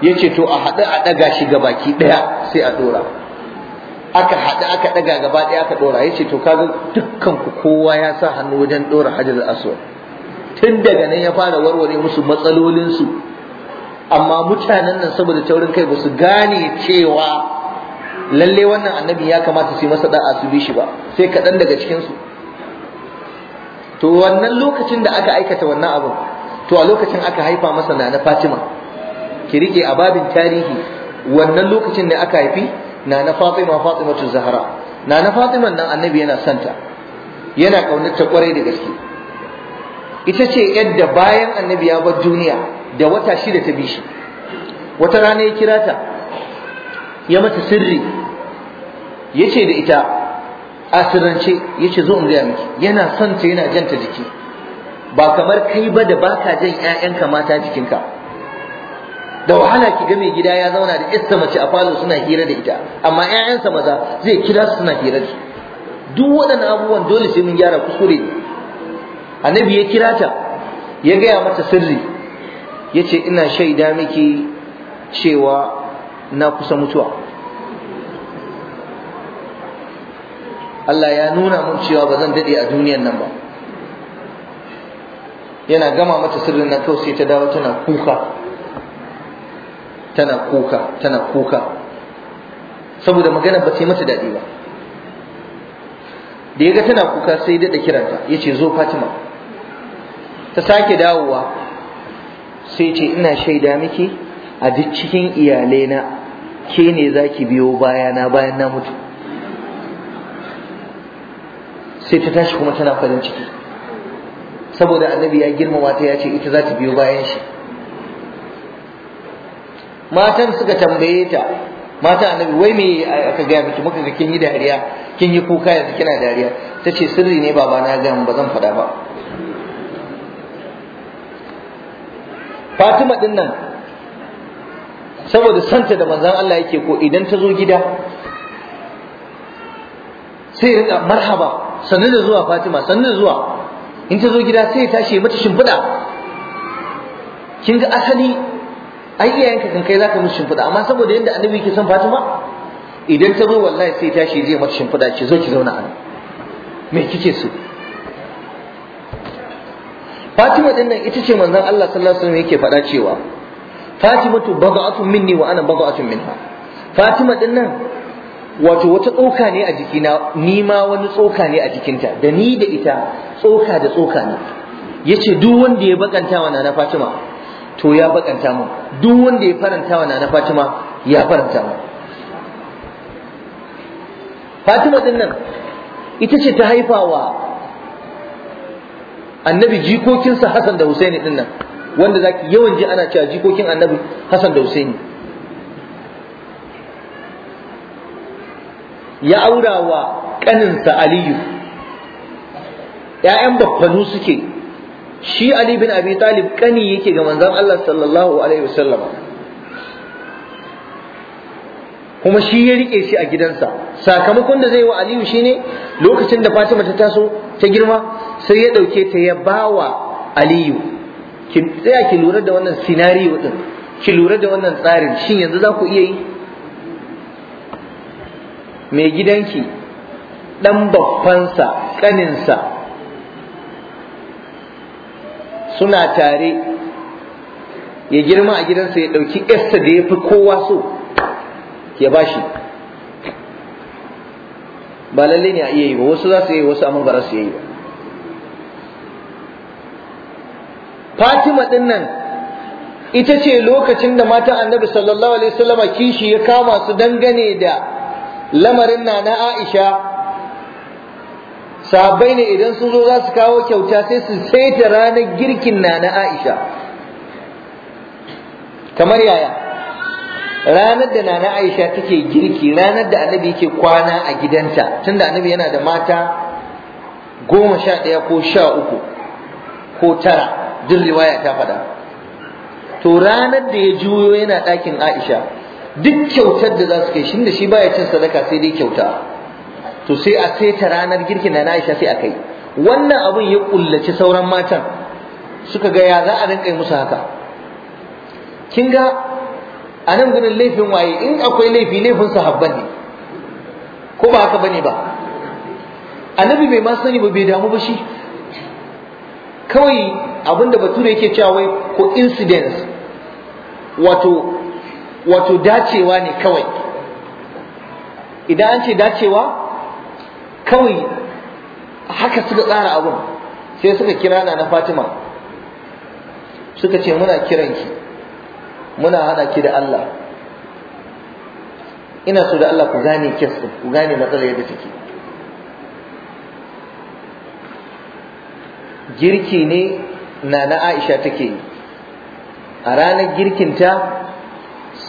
ya ce to a haɗu a ɗaga shi ga baki ɗaya sai a ɗora aka haɗu aka ɗaga gaba ɗaya aka ɗora ya ce to kaga dukkan ku kowa ya sa hannu wajen ɗora hajar aswad tun daga nan ya fara warware musu matsalolinsu amma mutanen nan saboda taurin kai ba su gane cewa lalle wannan annabi ya kamata su yi masa da'a su bi shi ba sai kaɗan daga cikinsu to wannan lokacin da aka aikata wannan abin to a lokacin aka haifa masa na na fatima ki rike a babin tarihi wannan lokacin ne aka haifi na na Fatima Fatimatu Zahra na na Fatiman nan annabi yana santa yana kaunarta kwarai da gaske ita ce yadda bayan annabi ya bar duniya da wata shida ta bi shi wata rana ya kira ta ya mata sirri yace da ita asirance yace zo in ga miki yana santa yana janta jiki ba kamar kai ba da baka jan 'ya'yanka mata jikinka da wahala ki ga mai gida ya zauna da ƴarsa mace a falo suna hira da ita amma ƴaƴansa maza zai kira su suna hira da su duk waɗannan abubuwan dole sai mun gyara kusure annabi ya kira ta ya gaya mata sirri ya ce ina shaida miki cewa na kusa mutuwa Allah ya nuna mun cewa ba zan daɗe a duniyar nan ba yana gama mata sirrin na kawai sai ta dawo tana kuka tana kuka tana kuka saboda magana ba sai mata daɗi ba da ya ga tana kuka sai daɗa kiranta ya ce zo fatima ta sake dawowa sai ce ina shaida miki a duk cikin iyalaina ke ne za ki biyo bayana bayan na mutu sai ta tashi kuma tana farin ciki saboda annabi ya girmama ta ya ce ita za ta biyo bayan shi matan suka tambaye ta mata annabi wai me aka gaya miki muka ga kin yi dariya kin yi kuka yanzu kina dariya tace sirri ne baba na ga ba zan faɗa ba Fatima din nan saboda santa da manzon Allah yake ko idan ta zo gida sai rika marhaba sannu da zuwa Fatima sannu da zuwa in ta zo gida sai ya tashi mata shimfiɗa kin ga asali ai iyayenka kan kai zaka musu shimfida, amma saboda yadda annabi yake son Fatima idan ta zo wallahi sai tashi zai mata shimfida ce zo ki zauna a nan me kike so Fatima din nan ita ce manzon Allah sallallahu alaihi wasallam yake faɗa cewa Fatima tu bagatu minni wa ana bagatu minha Fatima din nan wato wata tsoka ne a jikina ni ma wani tsoka ne a jikinta da ni da ita tsoka da tsoka ne yace duk wanda ya bakanta wa na Fatima to ya bakanta mu duk wanda ya faranta wa na Fatima ya faranta mu Fatima din nan ita ce ta haifa wa annabi jikokinsa Hassan da Husaini din nan wanda zaki yawan ji ana cewa jikokin annabi Hassan da Husaini ya aura wa kaninsa Aliyu ‘ya'yan baffanu suke shi Ali bin Abi Talib kani yake ga manzon Allah sallallahu alaihi wasallam kuma shi ya rike shi a gidansa sakamakon da zai wa Aliyu shine lokacin da Fatima ta taso ta girma sai ya dauke ta ya bawa Aliyu ki tsaya ki lura da wannan scenario din ki lura da wannan tsarin shin yanzu za ku iya yi mai gidanki dan kanin kaninsa suna tare ya girma a gidansa ya ɗauki yasta da ya fi kowa so ya bashi ba lalle ne a iya yi ba wasu za su yi wasu amma ba su yi ba Fatima din nan ita ce lokacin da matan Annabi sallallahu alaihi wasallama kishi ya kama su dangane da lamarin na na Aisha sahabbai ne idan sun zo za su kawo kyauta sai su saita ranar girkin na na Aisha kamar yaya ranar da na Aisha take girki ranar da annabi yake kwana a gidanta tunda annabi yana da mata goma sha ɗaya ko sha uku ko tara duk riwaya ta faɗa to ranar da ya juyo yana ɗakin Aisha duk kyautar da za su kai shi da shi baya cin sadaka sai dai kyauta to sai a saita ranar girkin na Aisha sai a kai wannan abun ya kullaci sauran matan suka ga ya za a rinka yi musu haka kin ga a gurin laifin waye in akwai laifi laifin sahabban ne ko ba haka bane ba annabi bai ma sani ba bai damu ba shi kawai abinda bature yake cewa wai coincidence wato wato dacewa ne kawai idan an ce dacewa kawai haka suka tsara abun sai suka kira na na fatima suka ce muna kiranki muna hada ki da allah ina so da allah ku gane kesa ku gane matsalar yadda take girki ne na na aisha take yi a ranar girkin ta,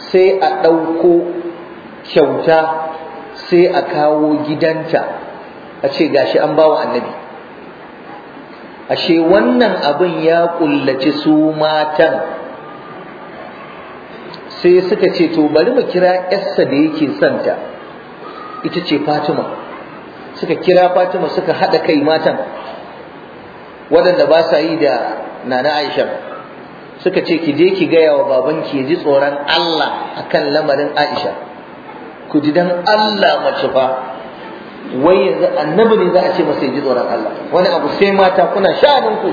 sai a ɗauko kyauta sai a kawo gidanta a ce gashi an bawa annabi ashe wannan abin ya kullaci su matan sai suka ce to bari mu kira yarsa da yake santa ita ce fatima suka kira fatima suka haɗa kai matan waɗanda ba sa yi da nana aisha suka ce ki je ki gaya wa babanki yaji ji tsoron allah akan lamarin aisha ku ji dan allah mace fa wai yanzu annabi ne za a ce masa ji tsoron Allah wani abu sai mata kuna sha'anin ku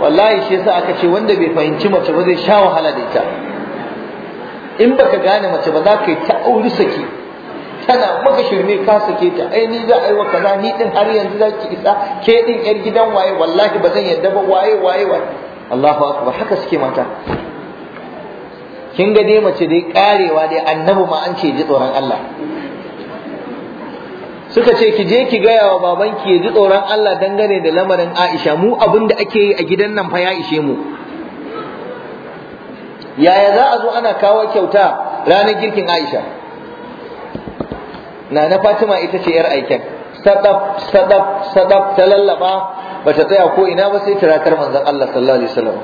wallahi shi yasa aka ce wanda bai fahimci mace ba zai sha wahala da ita in baka gane mace ba za ka yi ta auri saki tana maka shirme ka sake ta ai ni za a yi wa kaza ni din har yanzu za ki isa ke din yar gidan waye wallahi ba zan yadda ba waye waye waye Allahu akbar haka suke mata kin ga dai mace dai karewa dai annabi ma an ce ji tsoron Allah suka ce ki je ki gaya wa babanki ya ji tsoron Allah dangane da lamarin Aisha mu abin da ake yi a gidan nan fa ya ishe mu yaya za a zo ana kawo kyauta ranar girkin Aisha na na Fatima ita ce yar aiken sadaf sadaf sadaf ta lallaba ta tsaya ko ina ba sai tiratar manzon Allah sallallahu alaihi wasallam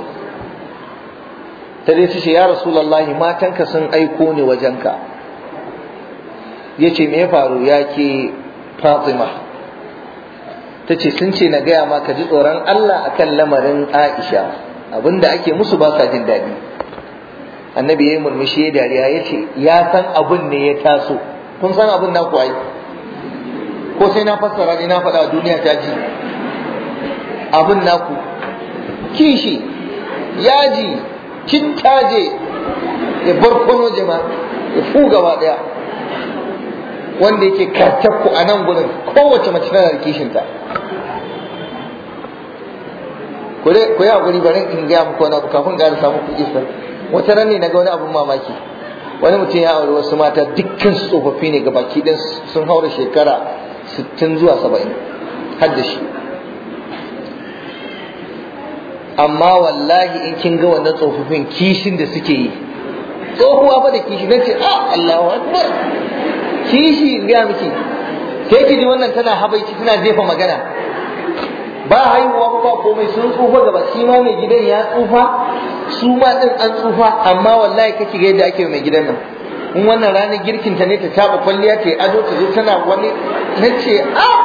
ta dai ce ya rasulullahi matanka sun aiko ni wajenka ya ce me ya faru ya ke fatima ta ce sun ce na gaya ma ka ji tsoron allah akan lamarin aisha abinda ake musu ba sa jin daɗi annabi ya yi murmushi ya dariya ya ce ya san abin ne ya taso kun san abin na ku ai ko sai na fassara ne na faɗa duniya ta ji abin naku kishi yaji taje ya barkono jama'a ya fu gaba daya wanda yake kartakku a nan gudun kowace mace tana da kishinta ku yi hakuri bari in gaya muku wani abu kafin ga samu kuɗi sa wata ran ne na ga wani abun mamaki wani mutum ya aure wasu mata dukkan tsofaffi ne gabaki ɗin sun haura shekara 60 zuwa 70 har da shi amma wallahi in kin ga wannan tsofaffin kishin da suke yi tsohuwa ba da kishi nace a ah, Allahu akbar kishi ga miki sai ki ji wannan tana habaici tana jefa magana ba haihuwa ba komai sun tsufa gaba shi ma mai gidan ya tsufa su ma din an tsufa amma wallahi kake ga yadda ake mai gidan nan in wannan ranar girkin ta ne ta taba kwalliya ta yi ado ta zo tana wani nace a ah,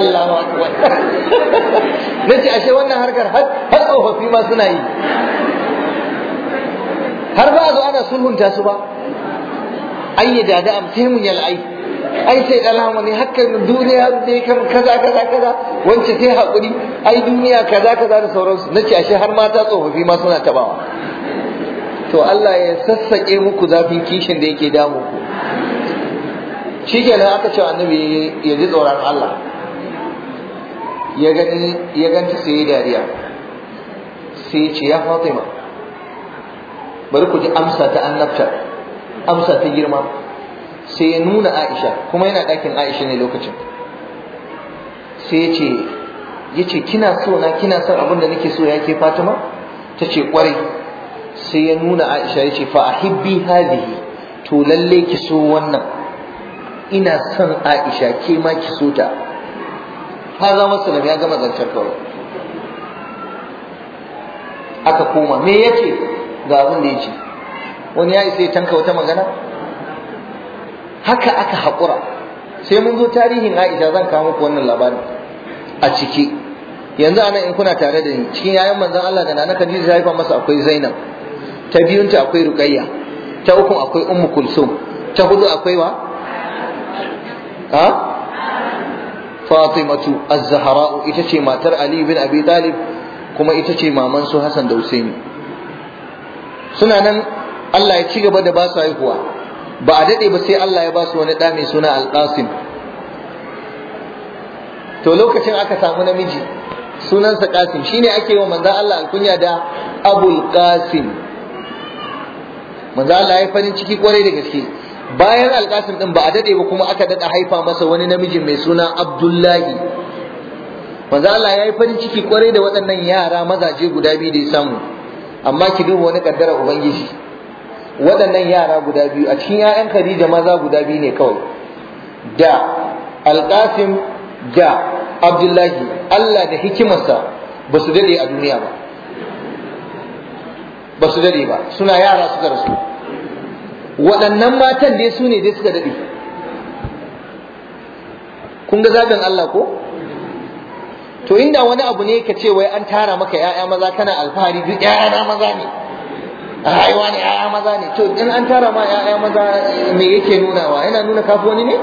Allahu akbar nace ashe wannan harkar har tsofaffi ma suna yi har ba a zo ana sulhunta su ba ayyada da sai mun yal'ai ai sai alama ne hakan duniya ne kan kaza kaza kaza wance sai hakuri ai duniya kaza kaza da sauransu nace ashe har mata tsofaffi ma suna tabawa to Allah ya sassake muku zafin kishin da yake damu ku shikenan aka ce annabi ya ji tsoron Allah ya gani ya ganta sai ya dariya sai ce ya Fatima bari ku ji amsa ta annabta amsa ta girma sai ya nuna Aisha kuma yana ɗakin Aisha ne lokacin sai ya ce ya ce kina so na kina son abin da nake so ya ke Fatima ta ce kwarai sai ya nuna Aisha ya ce fa'ahibbi ahibbi to lalle ki so wannan ina son Aisha ke ma ki so ta haza musulmi ya gama zancen kawai aka koma me ya ce ga abin da ya ce wani ya isa ya tanka wata magana haka aka haƙura sai mun zo tarihin Aisha zan kawo muku wannan labarin a ciki yanzu anan in kuna tare da ni cikin yayan manzon Allah da nana Khadija ta haifa masa akwai Zainab ta ta akwai Ruqayya ta uku akwai Ummu Kulsum ta hudu akwai wa ha fatimatu az-zahra ita ce matar ali bin abi talib kuma ita ce maman su hasan da usaini suna nan Allah ya ci gaba da ba su haihuwa ba a dade ba sai Allah ya ba su wani da mai suna al-qasim to lokacin aka samu namiji sunansa qasim shine ake wa manzon Allah alkunya da abul qasim manzon Allah ya farin ciki kwarai da gaske bayan alƙasir ɗin ba a dade ba kuma aka daɗa haifa masa wani namiji mai suna abdullahi manzo Allah ya yi farin ciki kwarai da waɗannan yara mazaje guda biyu da ya samu amma ki duba wani kaddara ubangiji waɗannan yara guda biyu a cikin 'ya'yan Khadija maza guda biyu ne kawai da alƙasim da abdullahi Allah da hikimarsa ba su dade a duniya ba ba su dade ba suna yara suka rasu waɗannan matan dai su ne dai suka daɗe kun ga zaɓin Allah ko to inda wani abu ne ka ce wai an tara maka ‘ya'ya maza kana alfahari duk ‘ya'ya maza ne a haiwa ne ‘ya'ya maza ne to in an tara ma ‘ya'ya maza me yake nunawa yana nuna kafi wani ne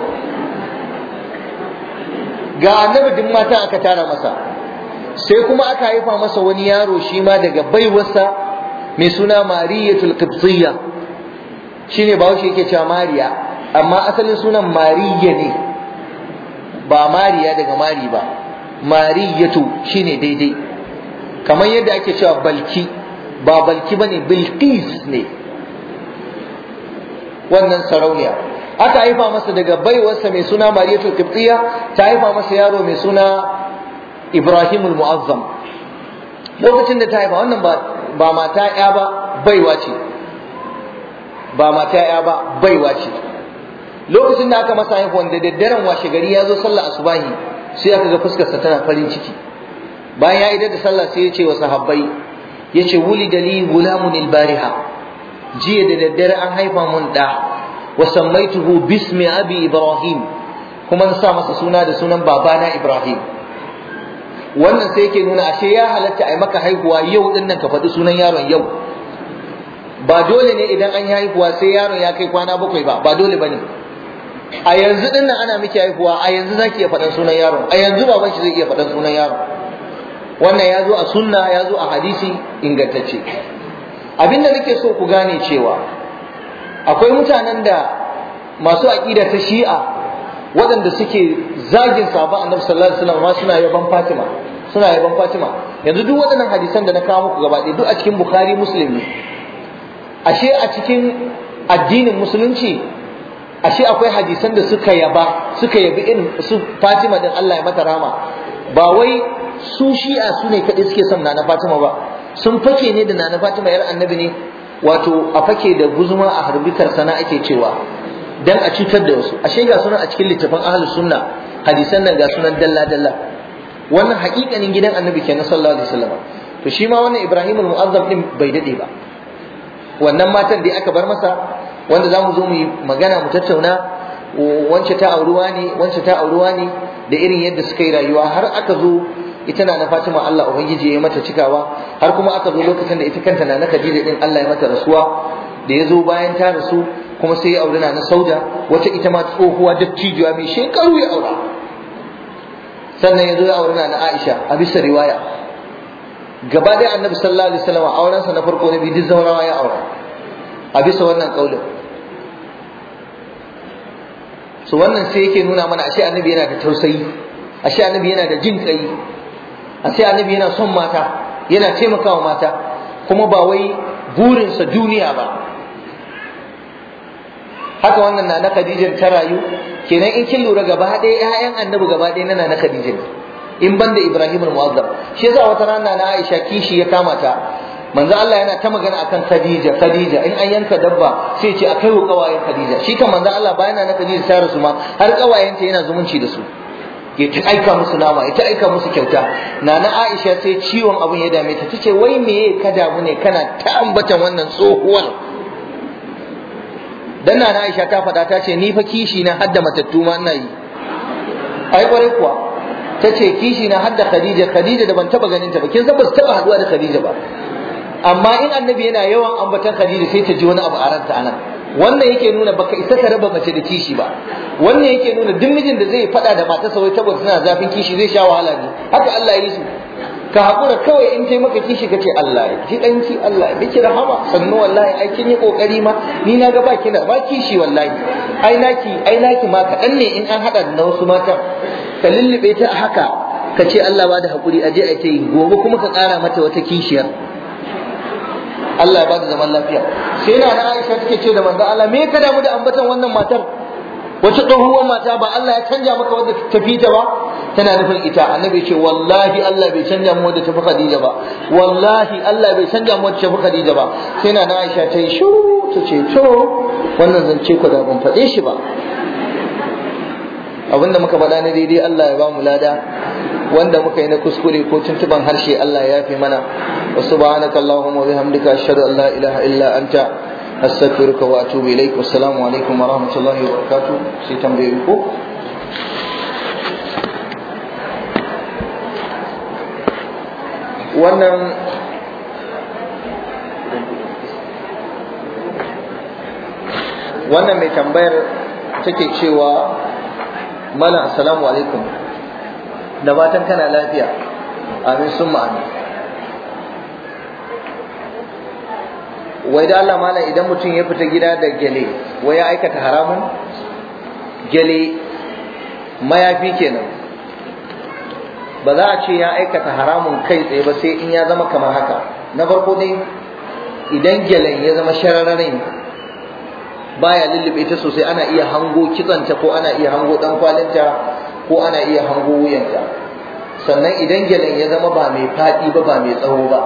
ga annabi duk mata aka tara masa sai kuma aka haifa masa wani yaro shi ma daga baiwarsa mai suna mariyatul qibtiyya shine ba shi yake cewa mariya amma asalin sunan mariya ne ba mariya daga mari ba mariyatu shine daidai kamar yadda ake cewa balki ba balki bane bilqis ne wannan sarauniya aka haifa masa daga baiwarsa mai suna mariyatul qibtiyya ta haifa masa yaro mai suna ibrahimul mu'azzam lokacin da ta haifa wannan ba ba mata ya ba baiwa ce ba mata ya ba baiwa ce lokacin da aka masa haihuwan da daddaren washe gari ya zo sallah asubahi sai aka ga fuskarsa tana farin ciki bayan ya idar da sallah sai ya ce wa sahabbai ya ce wuli dali gulamun ilbariha jiya da daddare an haifa mun da wa sammaituhu bismi abi ibrahim kuma na sa masa suna da sunan babana ibrahim wannan sai ke nuna ashe ya halatta a maka haihuwa yau din nan ka faɗi sunan yaron yau ba dole ne idan an yi haihuwa sai yaron ya kai kwana bakwai ba ba dole bane a yanzu din nan ana miki haihuwa a yanzu zaki iya faɗan sunan yaron a yanzu baban shi zai iya faɗan sunan yaron wannan ya zo a sunna ya zo a hadisi ingantacce abinda nake so ku gane cewa akwai mutanen da masu aƙida ta shi'a waɗanda suke zagin sahaba annabi sallallahu alaihi wasallam suna yaban fatima suna yaban fatima yanzu duk waɗannan hadisan da na kawo muku gaba ɗaya duk a cikin bukhari muslim ashe a cikin addinin musulunci ashe akwai hadisan da suka yaba suka yabi irin su Fatima din Allah ya mata rama ba wai su shi'a su ne kaɗai suke son nana Fatima ba sun fake ne da nana Fatima yar annabi ne wato a fake da guzuma a harbikar sana ake cewa dan a cutar da wasu ashe ga sunan a cikin littafin ahlus sunna hadisan nan ga sunan dalla dalla wannan haƙiƙanin gidan annabi kenan sallallahu alaihi wasallam to shi ma wannan Ibrahimul Mu'azzam din bai dade ba wannan matan da aka bar masa wanda za mu zo mu yi magana mu tattauna wance ta auruwa ne wance ta auruwa ne da irin yadda suka yi rayuwa har aka zo ita na na Fatima Allah ubangiji ya yi mata cikawa har kuma aka zo lokacin da ita kanta na na Khadija din Allah ya mata rasuwa da ya zo bayan ta rasu kuma sai ya auri na Sauda wata ita ma tsohuwa dattijuwa mai shekaru ya aura sannan ya zo ya auri na Aisha a bisa riwaya gaba dai annabi sallallahu alaihi wasallam auren sa na farko na biyu duk zaurawa ya aura a bisa wannan kaulin so wannan sai yake nuna mana ashe annabi yana da tausayi ashe annabi yana da jin kai ashe annabi yana son mata yana taimakawa mata kuma ba wai burinsa duniya ba haka wannan na na Khadijar ta rayu kenan in kin lura gaba ɗaya ƴaƴan annabi gaba ɗaya na na Khadija ne in banda Ibrahim al-Mu'azzab shi yasa wata rana na Aisha kishi ya kama ta manzo Allah yana ta magana akan Khadija Khadija in an yanka dabba sai ce akai wa kawayen Khadija shi kan manzo Allah bayan na Khadija sai rasu ma har kawayenta yana zumunci da su ya ta aika musu nama ya ta aika musu kyauta nana Aisha sai ciwon abun ya dame ta tace wai meye ka damu ne kana ta ambatan wannan tsohuwar dan nana Aisha ta faɗa ta ce ni fa kishi na hadda matattu ma ina yi ai kware kuwa ta ce kishi na hadda khadija khadija da ban taba ganin ta ba kin san ba su taba haduwa da khadija ba amma in annabi yana yawan ambatan khadija sai ta ji wani abu a ranta anan wannan yake nuna baka isa ka raba mace da kishi ba wannan yake nuna duk mijin da zai fada da matarsa wai tabbas suna zafin kishi zai sha wahala ne haka Allah ya yi su ka haƙura kawai in tai maka kishi ka ce Allah ji ɗanki Allah ki rahama sannu wallahi ai kin yi ƙoƙari ma ni na ga baki na ba kishi wallahi ai naki ai naki ma kaɗan ne in an haɗa na wasu mata ka lullube ta haka ka ce Allah ba da haƙuri a je a ta yi gobe kuma ka ƙara mata wata kishiyar Allah ya ba da zaman lafiya sai na na Aisha take ce da manzo Allah me ka damu da ambaton wannan matar wata tsohuwar mata ba Allah ya canja maka wadda ta ba tana nufin ita annabi ce wallahi Allah bai canja mu wadda tafi Khadija ba wallahi Allah bai canja mu wadda tafi Khadija ba sai na Aisha ta yi shiru ta ce to wannan zance ku da ban faɗe shi ba abinda muka faɗa na daidai Allah ya ba mu lada wanda muka yi na kuskure ko tuntuban harshe Allah ya yafe mana wa subhanakallahumma wa bihamdika ashhadu an la ilaha illa anta astaghfiruka wa atubu ilaik wassalamu alaikum wa rahmatullahi wa barakatuh sai tambayoyi ko wannan wannan mai tambayar take cewa malam assalamu alaikum da fatan kana lafiya amin sun ma'amin wai da Allah mala idan mutum ya fita gida da gele wai ya aikata haramun gele mayafi kenan ba za a ce ya aikata haramun kai tsaye ba sai in ya zama kamar haka na farko dai idan gyalen ya zama shararren baya lullube ta sosai ana iya hango kitsanta ko ana iya hango dan kwalinta ko ana iya hango wuyanta sannan idan gyalen ya zama ba mai faɗi ba ba mai tsawo ba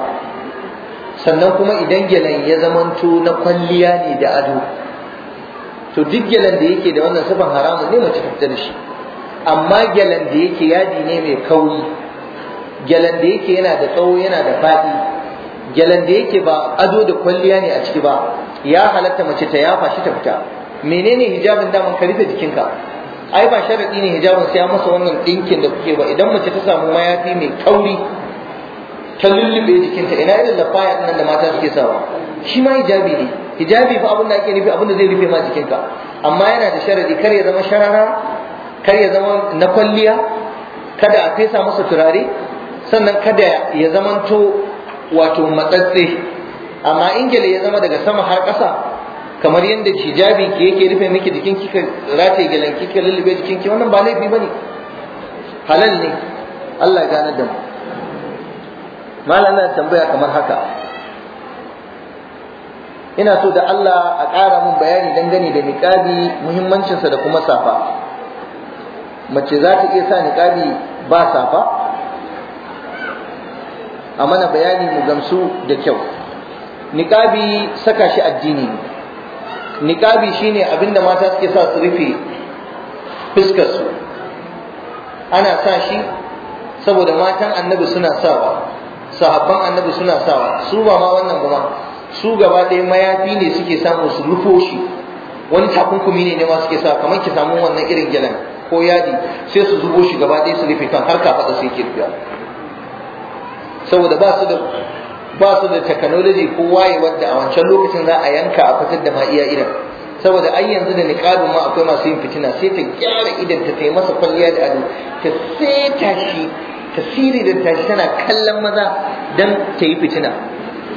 sannan kuma idan gyalen ya zamanto na kwalliya ne da ado to duk gyalen da yake da wannan sifan haramun ne mace ta da shi amma gyalen da yake yadi ne mai kauri Gelen da yake yana da tsawo yana da faɗi gyalen da yake ba ado da kwalliya ne a ciki ba ya halatta mace ta yafa shi ta fita menene hijabin daman ka rufe jikinka ai ba sharadi ne hijabin sai masa wannan ɗinkin da kuke ba idan mace ta samu mayafi mai kauri ta lullube jikinta ina irin da faya nan da mata suke sawa shi ma hijabi ne hijabi fa abin da ake nufi abin da zai rufe ma jikinka amma yana da sharadi kar ya zama sharara kar ya zama na kwalliya kada a fesa masa turare sannan kada ya zamanto wato matsatse amma ingila ya zama daga sama har ƙasa kamar yadda hijabi ke yake rufe miki jikin kika rataye gelan kika lullube jikin wannan ba laifi bane halal ne Allah ya ganar da mu malam na tambaya kamar haka ina so da Allah a ƙara mun bayani dangane da niƙabi muhimmancinsa da kuma safa mace za ta iya sa niƙabi ba safa a mana bayani mu gamsu da kyau niƙabi saka shi addini ne niƙabi shine abinda mata suke sa su rufe fuskarsu ana sa shi saboda matan annabi suna sawa sahabban annabi suna sawa su ba ma wannan ba su gaba ɗaya mayafi ne suke samu su rufo shi wani takunkumi ne ne ma suke sawa kamar ki samu wannan irin gyalan ko yadi sai su zubo shi gaba ɗaya su rufe kan har kafaɗa sai ke rufiya saboda ba su da ba su da technology ko waye da a wancan lokacin za a yanka a fitar da ma iya idan saboda ai yanzu da niqabin ma akwai masu yin fitina sai ta gyara idan ta tayi masa kwalliya da ado ta seta shi tasiri da tashi tana kallon maza don ta yi fitina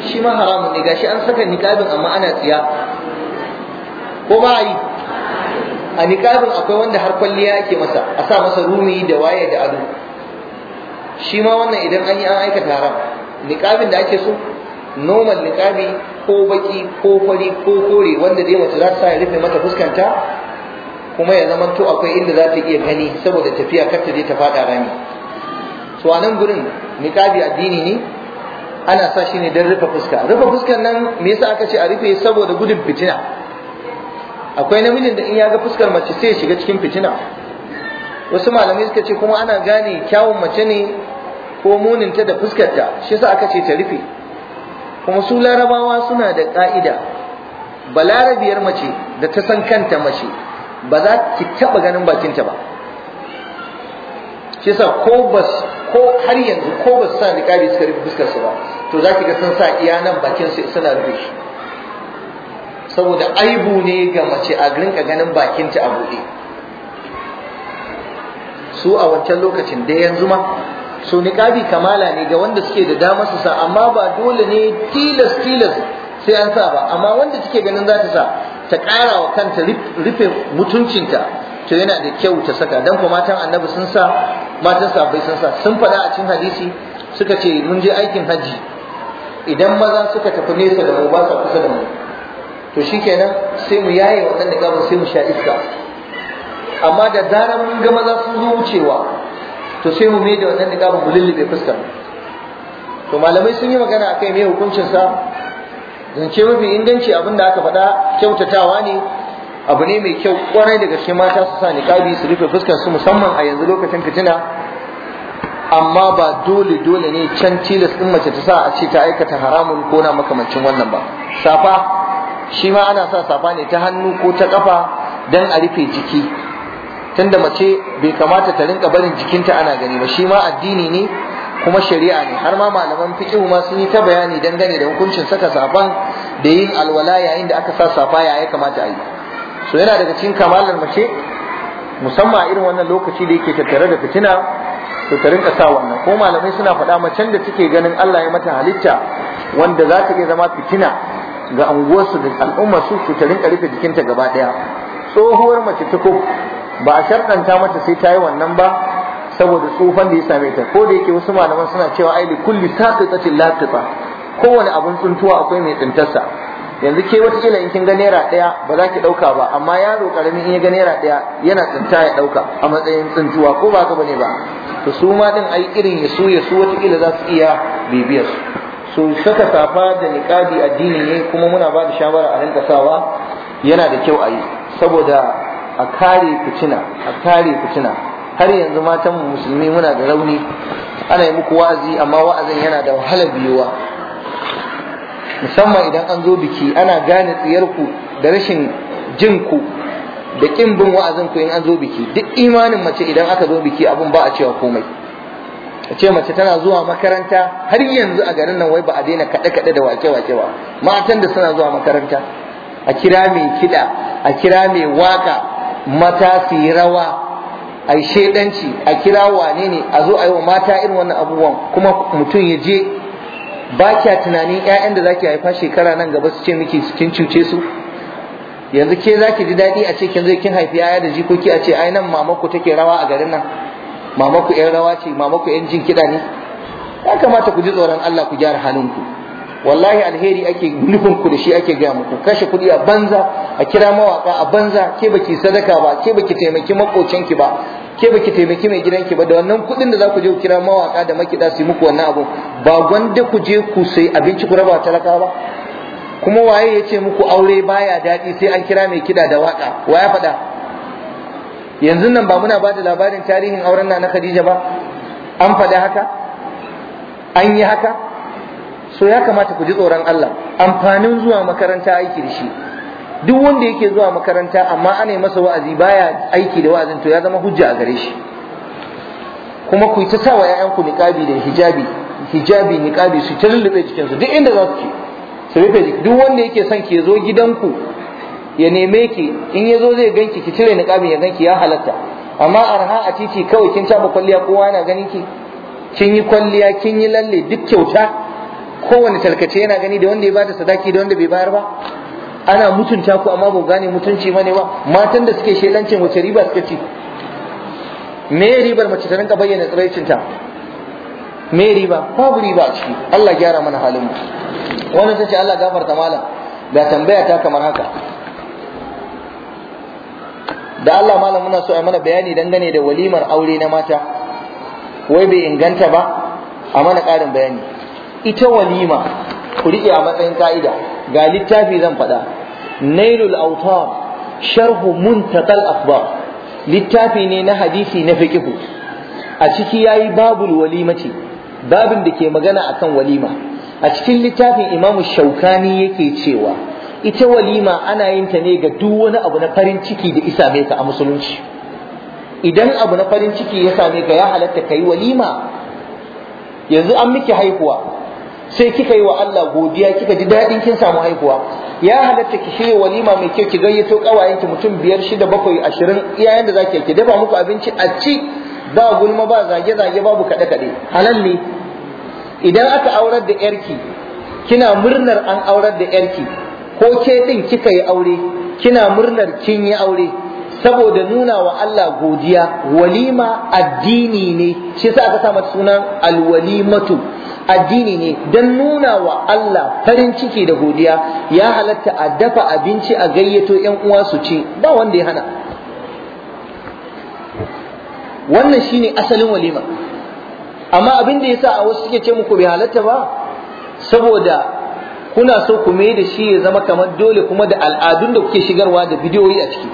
shi ma haramun ne gashi an saka nikabin amma ana tsiya ko ba yi a nikabin akwai wanda har kwalliya ke masa a sa masa rumi da waye da ado shi ma wannan idan an yi an aikata haram nikabin da ake so normal nikabi ko baki ko fari ko kore wanda dai mace za ta sa ya rufe mata fuskanta kuma ya zamanto akwai inda za ta iya gani saboda tafiya kar ta je ta faɗa rami to a nan gurin niqabi addini ne ana sa shi ne don rufe fuska rufe fuskar nan me yasa aka ce a rufe saboda gudun fitina akwai namijin da in ya ga fuskar mace sai ya shiga cikin fitina wasu malamai suka ce kuma ana gane kyawun mace ne ko muninta da fuskarta shi yasa aka ce ta rufe kuma su larabawa suna da ka'ida balarabiyar mace da ta san kanta mace ba za ki taba ganin bakinta ba shi ko bas ko har yanzu ko ba su sa niƙabi suka rufe fuskar su ba to zaki ga sun sa iya nan bakin su suna rufe shi saboda aibu ne ga mace a rinka ganin bakinta a buɗe su a wancan lokacin da yanzu ma so niƙabi kamala ne ga wanda suke da dama su sa amma ba dole ne tilas tilas sai an sa ba amma wanda take ganin za ta sa ta ƙara wa kanta rufe mutuncinta to yana da kyau ta saka dan kuma matan annabi sun sa matan sahabbai sun sa sun faɗa a cikin hadisi suka ce mun je aikin hajji idan maza suka tafi nesa da mu ba sa kusa da mu to shikenan sai mu yaye wannan da gaban sai mu sha iska amma da zarar mun ga maza sun zo wucewa to sai mu mai da wannan da gaban mu lullube fuskar to malamai sun yi magana akai me hukuncin sa zance mafi inganci abin da aka faɗa kyautatawa ne abu ne mai kyau kwarai daga gaske mata su sa niqabi su rufe fuskar su musamman a yanzu lokacin fitina amma ba dole dole ne can tilas din mace ta sa a ce ta aikata haramun ko na makamancin wannan ba safa shi ma ana sa safa ne ta hannu ko ta kafa dan a rufe jiki tunda mace bai kamata ta rinka barin jikinta ana gani ba shi ma addini ne kuma shari'a ne har ma malaman fiqh ma sun yi ta bayani dangane da hukuncin saka safan da yin alwala yayin da aka sa safa ya kamata a yi so yana daga cikin kamalar mace musamman a irin wannan lokaci da yake tattare da fitina to ta rinka sa wannan ko malamai suna faɗa macen da take ganin Allah ya mata halitta wanda za ta iya zama fitina ga anguwarsu da al'umma su su ta rinka rufe jikinta gaba ɗaya tsohuwar mace ta ko ba a sharɗanta mata sai ta yi wannan ba saboda tsufan da ya same ta ko da yake wasu malaman suna cewa ai li kulli saqiqatin laqiqa kowane abun tsuntuwa akwai mai tsintarsa yanzu ke wata kila in kin ga naira ɗaya ba za ki ɗauka ba amma yaro karamin in ya ga naira daya yana tsinta ya ɗauka a matsayin tsintuwa ko ba ka bane ba to su ma din ai irin ya su ya su watakila za su iya bibiyar su so saka safa da niƙadi addini ne kuma muna ba da shawara a rinka sawa yana da kyau a yi saboda a kare fitina a kare fitina har yanzu matan musulmi muna da rauni ana yi muku wa'azi amma wa'azin yana da wahalar biyuwa musamman idan an zo biki ana gane ku da rashin jin ku da kin bin wa'azin ku in an zo biki duk imanin mace idan aka zo biki abun ba a cewa komai a ce mace tana zuwa makaranta har yanzu a garin nan wai ba a daina kaɗe kaɗe da wake wake ba matan da suna zuwa makaranta a kira mai kiɗa a kira mai waka mata su yi rawa a yi shaidanci a kira wane ne a zo a yi wa mata irin wannan abubuwan kuma mutum ya je ba kya tunanin ƴaƴan da zaki haifa shekara nan gaba su ce miki kin cuce su yanzu ke zaki ji daɗi a ce kin zai kin haifi yaya da jikoki a ce ai nan mamaku take rawa a garin nan mamaku ƴan rawa ce mamaku ƴan jin kiɗa ne ya kamata ku ji tsoron Allah ku gyara halinku wallahi alheri ake nufin ku da shi ake gaya muku kashe kuɗi a banza a kira mawaka a banza ke baki sadaka ba ke baki taimaki makocinki ba ke baki taimaki mai gidanki ba da wannan kuɗin da za ku je ku kira mawaka da makiɗa su muku wannan abu ba gwanda ku je ku sai abinci ku raba talaka ba kuma waye ya ce muku aure baya daɗi sai an kira mai kiɗa da waka waya faɗa yanzu nan ba muna bada da labarin tarihin auren na na Khadija ba an faɗa haka an yi haka so ya kamata ku ji tsoron Allah amfanin zuwa makaranta aiki da shi duk wanda yake zuwa makaranta amma ana yi masa wa'azi baya aiki da wa'azin to ya zama hujja a gare shi kuma ku ta sawa ƴaƴanku niqabi da hijabi hijabi niqabi su ta lullube jikinsu duk inda za ku su rufe duk wanda yake son ki zo gidanku ya neme ki in ya zo zai ganki ki cire niqabin ya ganki ya halatta amma arha a titi kawai kin caba kwalliya kowa yana ganin ki kin yi kwalliya kin yi lalle duk kyauta kowane talkace yana gani da wanda ya bada sadaki da wanda bai bayar ba ana mutunta ku amma ba gane mutunci bane ba matan da suke shelancin wace riba suka ci me ribar mace ta rinka bayyana tsiraicinta me riba babu riba a ciki Allah gyara mana halin mu wannan tace Allah gafarta malam ga tambaya ta kamar haka da Allah malam muna so a mana bayani dangane da walimar aure na mata wai bai inganta ba a mana ƙarin bayani ita walima ku riƙe a matsayin ka'ida ga littafi zan faɗa nailul autar sharhu muntakal akhbar littafi ne na hadisi na fiqhu a ciki yayi babul walimati babin da ke magana akan walima a cikin littafin imamu shaukani yake cewa ita walima ana yin ta ne ga duk wani abu na farin ciki da isa mai ka a musulunci idan abu na farin ciki ya same ka ya halatta kai walima yanzu an miki haihuwa sai kika yi wa Allah godiya kika ji daɗin kin samu haihuwa ya halatta ki shirya walima mai kyau ki gayyato ƙawayen ki mutum biyar shida bakwai ashirin iyayen da zaki ki dafa muku abinci a ci ba gulma ba zage zage babu kaɗe kaɗe halal ne idan aka aurar da yarki kina murnar an aurar da yarki ko ke din kika yi aure kina murnar kin yi aure saboda nuna wa Allah godiya walima addini ne shi yasa aka sa mata sunan alwalimatu addini ne don nuna wa Allah farin ciki da godiya ya halatta a dafa abinci a gayyato ‘yan uwa su ci ba wanda ya hana wannan shine asalin walima amma abin da ya sa a wasu suke ce muku bai halatta ba saboda kuna so ku mai da shi ya zama kamar dole kuma da al'adun da kuke shigarwa da bidiyoyi a ciki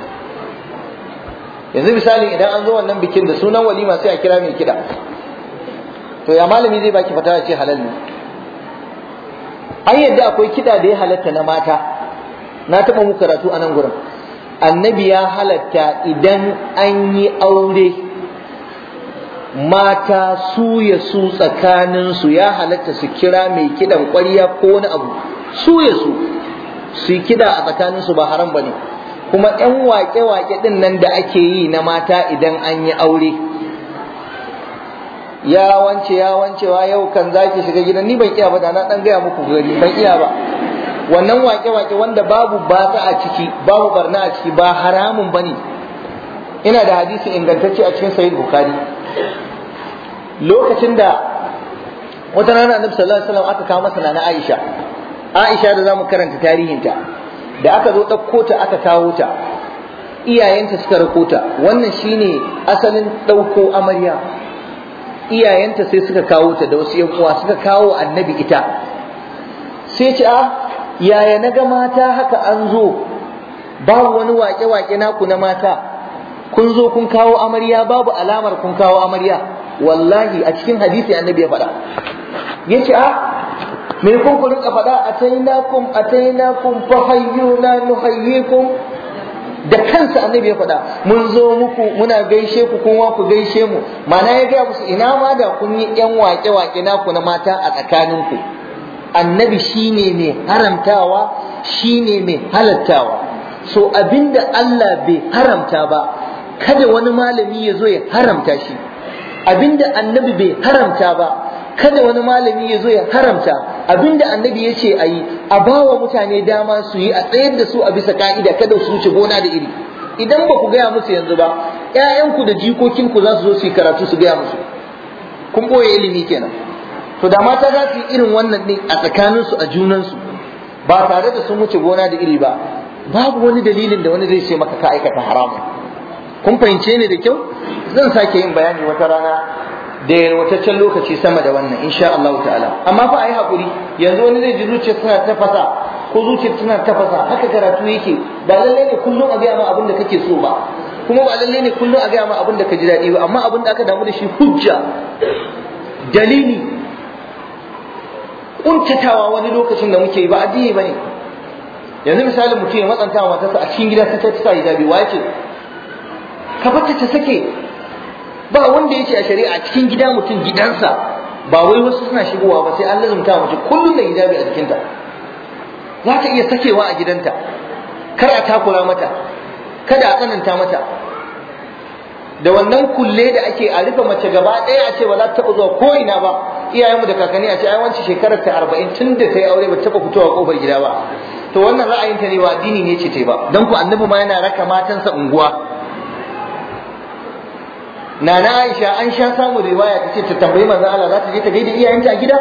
yanzu misali idan an zo wannan bikin da sunan walima sai a kira mai kiɗa to ya malami zai baki fatawa ce halal ne an yadda akwai kiɗa da ya halatta na mata na taba mu karatu a nan gurin annabi ya halatta idan an yi aure mata su ya su tsakaninsu ya halatta su kira mai kiɗan ƙwarya ko wani abu su ya su su kiɗa a tsakaninsu ba haram bane. kuma 'yan waƙe-waƙe ɗin nan da ake yi na mata idan an yi aure ya wance ya wancewa yau kan zaki shiga gidan ni ban iya ba da na dan gaya muku gari ban iya ba wannan wake-wake wanda babu ta a ciki babu barna a ciki ba haramun bane ina da hadisi ingantacce a cikin sahih bukhari lokacin da wata rana annabi sallallahu alaihi wasallam aka kawo masa na Aisha Aisha da zamu karanta tarihinta da aka zo dauko ta aka kawo ta iyayenta suka rako ta wannan shine asalin ɗauko amarya iyayenta sai suka kawo ta da wasu yankuwa suka kawo annabi ita sai ce a ah, yaya na ga mata haka an zo babu wani wake-wake naku na mata kun zo kun kawo amarya babu alamar kun kawo amarya wallahi a cikin hadisi annabi ya faɗa ya ce a ah, me kun kun faɗa a tainakum a kun fa hayyuna nuhayyikum da kansa annabi ya faɗa mun zo muku muna gaishe ku kuma ku gaishe mu mana ya gaya musu ina ma da kun yi yan waƙe-waƙe naku na mata a tsakaninku annabi shine mai haramtawa shine mai halattawa so abinda Allah bai haramta ba kada wani malami ya zo ya haramta shi abinda annabi bai haramta ba kada wani malami ya zo ya haramta abinda annabi ya ce a yi a bawa mutane dama su yi a tsayar da su a bisa ka'ida kada su wuce gona da iri idan ba ku gaya musu yanzu ba ƴaƴanku da jikokinku za su zo su yi karatu su gaya musu kun boye ilimi kenan to da mata za su yi irin wannan din a tsakanin su a junan su ba tare da sun wuce gona da iri ba babu wani dalilin da wani zai ce maka ka aikata haramun kun fahimce ni da kyau zan sake yin bayani wata rana da yarwataccen lokaci sama da wannan insha Allah ta'ala amma fa ayi hakuri yanzu wani zai ji zuciya tana tafasa ko zuciya tana tafasa haka karatu yake ba lalle ne kullum a gaya ma abin da kake so ba kuma ba lalle ne kullum a gaya ma abin da ka ji daɗi ba amma abin da aka damu da shi hujja dalili kuntatawa wani lokacin da muke yi ba addini bane yanzu misalin mutum ya matsanta matarsa a cikin gida sai ta sa hijabi wa ce ka fata ta sake ba wanda yake a shari'a cikin gida mutum gidansa ba wai wasu suna shigowa ba sai an lazumta mace kullum da hijabi a jikinta za ta iya sakewa a gidanta kar a takura mata kada a tsananta mata da wannan kulle da ake a rufe mace gaba ɗaya a ce ba za ta taɓa zuwa ko ina ba iyayenmu da kakanni a ce ai wancan shekarar ta arba'in tun da ta yi aure ba taɓa fitowa kofar gida ba to wannan ra'ayinta ta ne ba addini ne ce ta ba don ku annabi ma yana raka matansa unguwa nana Aisha an sha samu riwaya ta ce ta tambayi manzo Allah za ta je ta gaida iyayenta a gida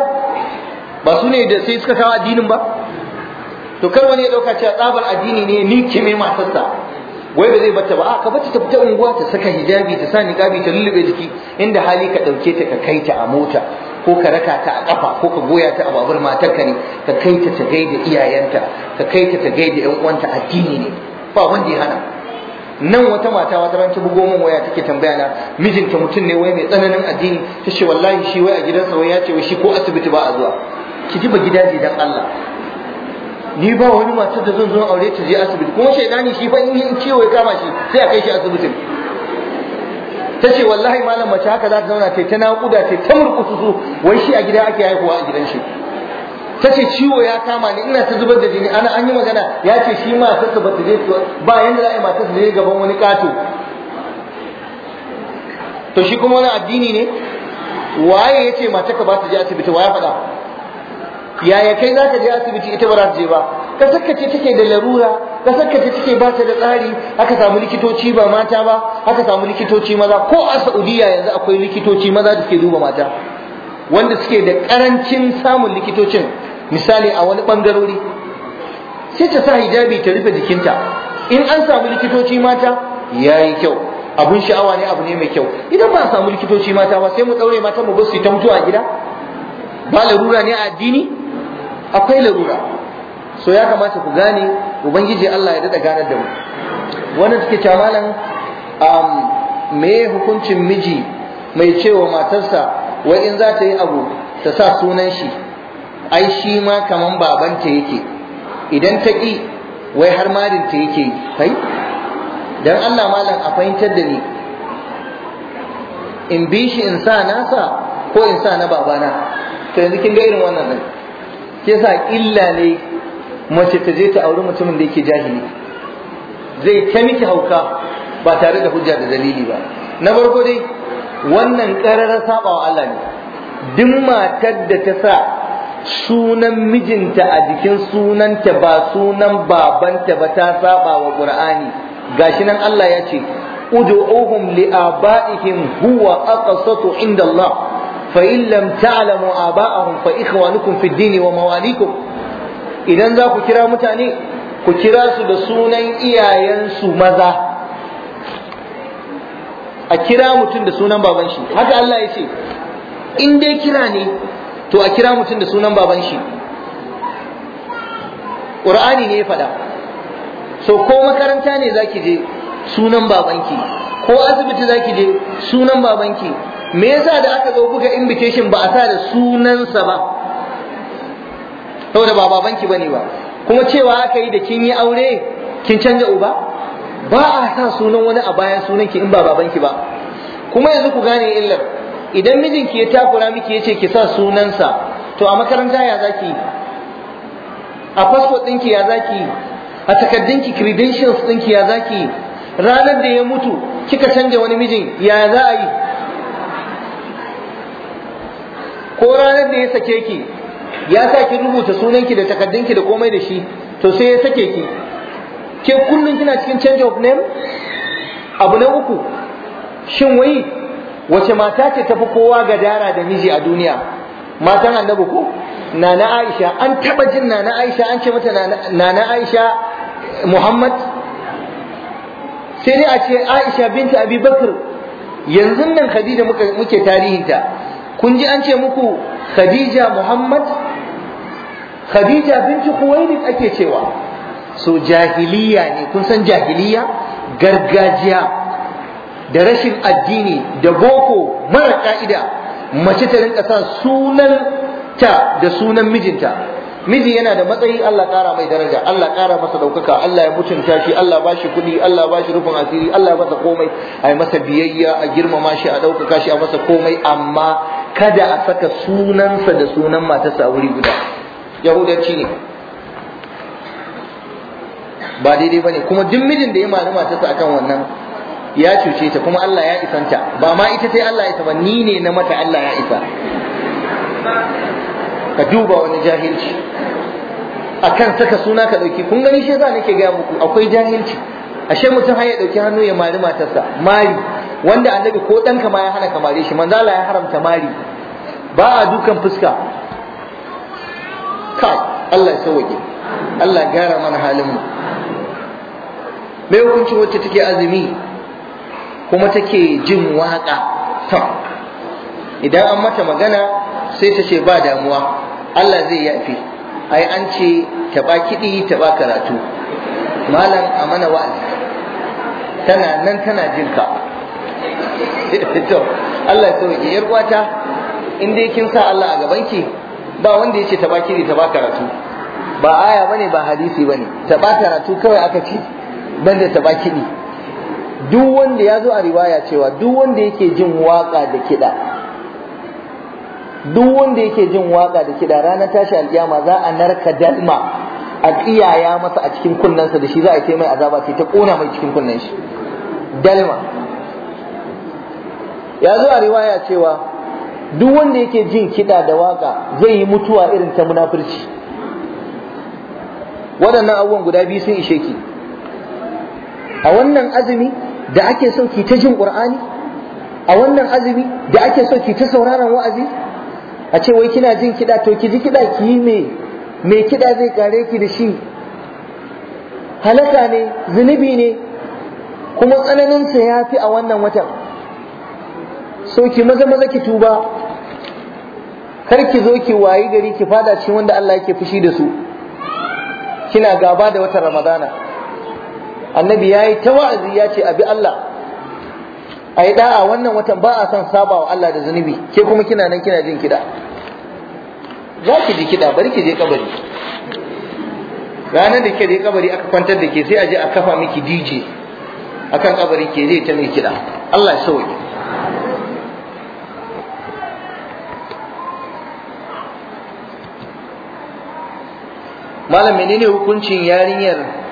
ba su ne da sai suka kawo addinin ba to kar wani ya dauka cewa tsabar addini ne ni kime matarsa wai ba zai bata ba a ka bata ta fita unguwa ta saka hijabi ta sani niqabi ta lullube jiki inda hali ka dauke ta ka kai ta a mota ko ka raka ta a kafa ko ka goya ta a babur matarka ne ka kai ta ta gaida iyayenta ka kai ta ta gaida yan uwanta addini ne ba wanda ya hana nan wata mata wata ranta bugo min waya take tambaya na mijinta mutum ne wai mai tsananin addini ta ce wallahi shi wai a gidansa wai ya ce wai shi ko asibiti ba a zuwa ki ji ba gidaje dan Allah ni ba wani mata da zan zo aure ta je asibiti kuma shaidani shi fa in yi ciwo ya kama shi sai a kai shi asibitin ta ce wallahi malam mace haka za ta zauna ta ta naƙuda ta ta murƙusu wai shi a gida ake haihuwa a gidan shi ta ciwo ya kama ni ina ta zubar da jini ana an yi magana ya ce shi ta ba ta je ba yanda za a yi matarsa je gaban wani kato to shi kuma wani addini ne waye ya ce matarka ba ta je asibiti ya faɗa yaya kai za ka je asibiti ita ba za ta je ba ka sakkace take da larura ka sakkace take ba ta da tsari aka samu likitoci ba mata ba aka samu likitoci maza ko a Saudiya yanzu akwai likitoci maza da suke duba mata wanda suke da karancin samun likitocin misali a wani bangarori sai ta sa hijabi ta rufe jikinta in an samu likitoci mata yayi kyau abun sha'awa ne abu ne mai kyau idan ba a samu likitoci mata ba sai mu daure mata mu basu ta mutu a gida ba larura ne a addini akwai larura so ya kamata ku gane ubangiji Allah ya daɗa ganar da mu wannan take cewa malam um, me hukuncin miji mai cewa matarsa wai in za ta yi abu ta sa sunan shi ai shi ma kaman babanta yake idan ta ƙi wai har marinta yake kai dan Allah malam a fahimtar da ni in bi shi in sa nasa ko in sa na babana to yanzu kin ga irin wannan din ke sa illa ne mace ta je ta auri mutumin da yake jahili zai ta miki hauka ba tare da hujja da dalili ba na farko dai wannan ƙararar sabawa Allah ne duk matar da ta sa sunan mijinta a jikin sunanta ba sunan babanta ba ta saba wa qur'ani gashi nan Allah ya ce ud'uhum li'aba'ihim huwa aqsatu inda Allah fa in lam ta'lamu aba'ahum fa ikhwanukum fid dini wa mawalikum idan za ku kira mutane ku kira su da sunan iyayensu maza a kira mutum da sunan baban shi haka Allah ya ce in dai kira ne to a kira mutum da sunan baban shi ƙur'ani ne ya faɗa so ko makaranta ne zaki je sunan babanki ko asibiti zaki je sunan babanki me yasa da aka zo buga invitation ba a sa da sunansa ba saboda ba babanki bane ba kuma cewa aka yi da kin yi aure kin canja uba ba a sa sunan wani a bayan sunanki in ba babanki ba kuma yanzu ku gane illar idan mijinki ya takura miki yace ki sa sunansa to a makaranta ya zaki a passport ɗinki ya zaki a takaddunki credentials ɗinki ya zaki ranar da ya mutu kika canja wani mijin ya za a yi ko ranar da ya sake ki ya sa ki rubuta sunanki da takaddunki da komai da shi to sai ya sake ki ke kullum kina cikin change of name abu na uku shin wai wace mata ce tafi kowa ga dara da miji a duniya matan annabi ko nana aisha an taba jin nana aisha an ce mata nana aisha muhammad sai dai a ce aisha binta abi bakr yanzu nan khadija muke tarihinta kun ji an ce muku khadija muhammad khadija binti khuwailid ake cewa so jahiliya ne kun san jahiliya gargajiya da rashin addini da boko mara ka'ida mace ta rinka sa sunan ta da sunan mijinta miji yana da matsayi Allah ƙara mai daraja Allah ƙara masa ɗaukaka Allah ya mutunta shi Allah ba shi kuɗi Allah ba shi rufin asiri Allah ya masa komai a yi masa biyayya a girmama shi a ɗaukaka shi a masa komai amma kada a saka sunansa da sunan matarsa wuri guda yahudanci ne ba daidai ba ne kuma duk mijin da ya mani matarsa akan wannan ya cuce ta kuma Allah ya isanta ba ma ita sai Allah ya ba ni ne na mata Allah ya isa ka duba wani jahilci akan saka suna ka ɗauki, kun gani shi yasa nake ga muku akwai jahilci ashe mutum har ya dauki hannu ya mari matarsa mari wanda annabi ko ka ma ya hana ka mare shi manzo Allah ya haramta mari ba a dukan fuska kai Allah ya sauke Allah gara mana halin mu Mai hukuncin wacce take azumi kuma take jin waƙa to idan an mata magana sai ta ce ba damuwa Allah zai yafe ai an ce ta ba kiɗi ta ba karatu malam a mana wa'azi tana nan tana jin ka to Allah ya sauke yar uwata in dai kin sa Allah a gabanki ba wanda ya ce ta ba kiɗi ta ba karatu ba aya bane ba hadisi bane ta ba karatu kawai aka ce banda ta ba kiɗi duk wanda ya zo a riwaya cewa duk wanda yake jin waka da kiɗa duk wanda yake jin waka da kiɗa ranar tashi alƙiyama za a narka dalma a tsiyaya masa a cikin kunnensa da shi za a ce mai azaba sai ta ƙona mai cikin kunnen shi dalma ya zo a riwaya cewa duk wanda yake jin kiɗa da waka zai yi mutuwa irin ta munafurci waɗannan abubuwan guda biyu sun ishe ki a wannan azumi da ake so ki ta jin qur'ani a wannan azumi da ake so ki ta sauraron wa'azi a ce wai kina jin kiɗa to ki ji kiɗa ki yi me me kiɗa zai kare ki da shi halaka ne zunubi ne kuma tsananinsa ya fi a wannan watan so ki maza maza ki tuba kar ki zo ki wayi gari ki fada shi wanda Allah yake fushi da su kina gaba da watan Ramadana annabi ya yi ta wa'azi ya ce abi Allah a yi ɗa'a wannan watan ba a son saba wa Allah da zunubi ke kuma kina nan kina jin kiɗa za ki ji kiɗa bari ki je kabari ranar da ke je kabari aka kwantar da ke sai a je a kafa miki DJ akan kabari ke zai ta mai kiɗa Allah ya sauke malam menene hukuncin yarinyar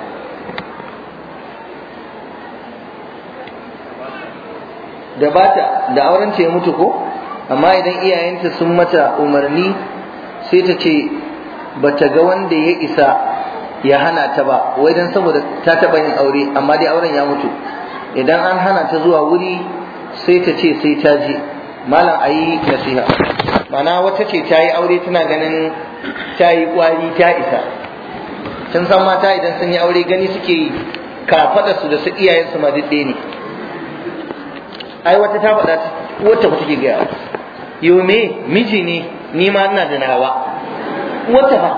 da bata da auren ta ya mutu ko amma idan iyayenta sun mata umarni sai ta ce ba ta ga wanda ya isa ya hana ta ba wai dan saboda ta taba yin aure amma dai auren ya mutu idan an hana ta zuwa wuri sai ta ce sai ta je malam ayi nasiha mana wata ce ta yi aure tana ganin ta yi kwari ta isa can san mata idan sun yi aure gani suke yi kafada su da su iyayen su ma ne ai wata ta faɗa wata ku ke gaya yau me miji ne ni ma ina da nawa wata fa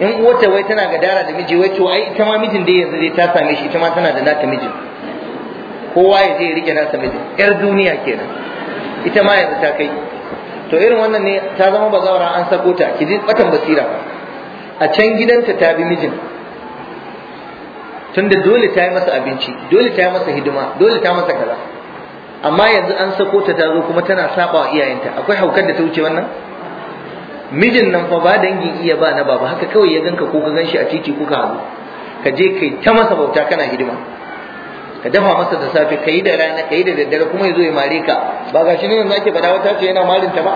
in wata wai tana ga dara da miji wai to ai ita ma mijin da yanzu dai ta same shi ita ma tana da nata mijin kowa ya je ya rike nata mijin yar duniya kenan ita ma yanzu ta kai to irin wannan ne ta zama bazawara an sako ta ki ji batan basira a can gidanta ta bi mijin tunda dole ta yi masa abinci dole ta yi masa hidima dole ta masa kaza amma yanzu an sako ta tazo kuma tana saba wa iyayenta akwai haukar da ta wuce wannan mijin nan fa ba dangin iya ba na baba haka kawai ya ganka ko ka ganshi a titi ko ka hagu ka je kai ta masa bauta kana hidima ka dafa masa da safe ka yi da rana ka yi da daddare kuma ya zo ya mare ka ba gashi ne yanzu ake faɗa wata ce yana marinta ba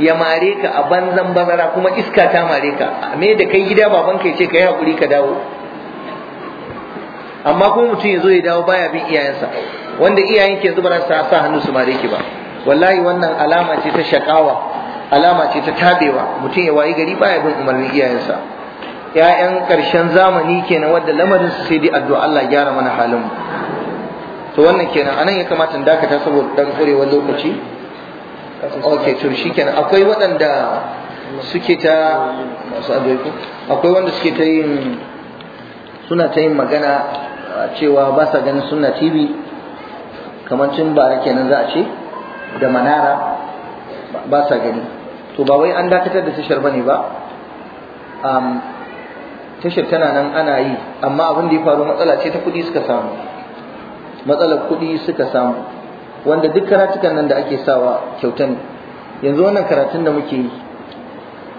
ya mare ka a banzan bazara kuma iska ta mare ka me da kai gida baban ka ce kai hakuri ka dawo amma kuma mutum ya zo ya dawo baya bin iyayensa wanda iyayen ke zuba ba sa hannu su mare ki ba wallahi wannan alama ce ta shakawa alama ce ta tabewa mutum ya wayi gari baya bin umarnin iyayensa ƴaƴan ƙarshen zamani kenan wanda lamarin su sai dai addu'a Allah gyara mana halin to wannan kenan anan ya kamata in dakata saboda dan kurewa lokaci ok to shi kenan, akwai waɗanda suke ta masu addu'o'i akwai wanda suke ta yin suna ta yin magana cewa ba sa ganin sunna tv kamar tun bara kenan za a ce da manara ba sa gani to ba wai an dakatar da tashar bane ba tashar tana nan ana yi amma abin da ya faru matsala ce ta kuɗi suka samu matsalar kuɗi suka samu wanda duk karatukan nan da ake sawa kyauta ne yanzu wannan karatun da muke yi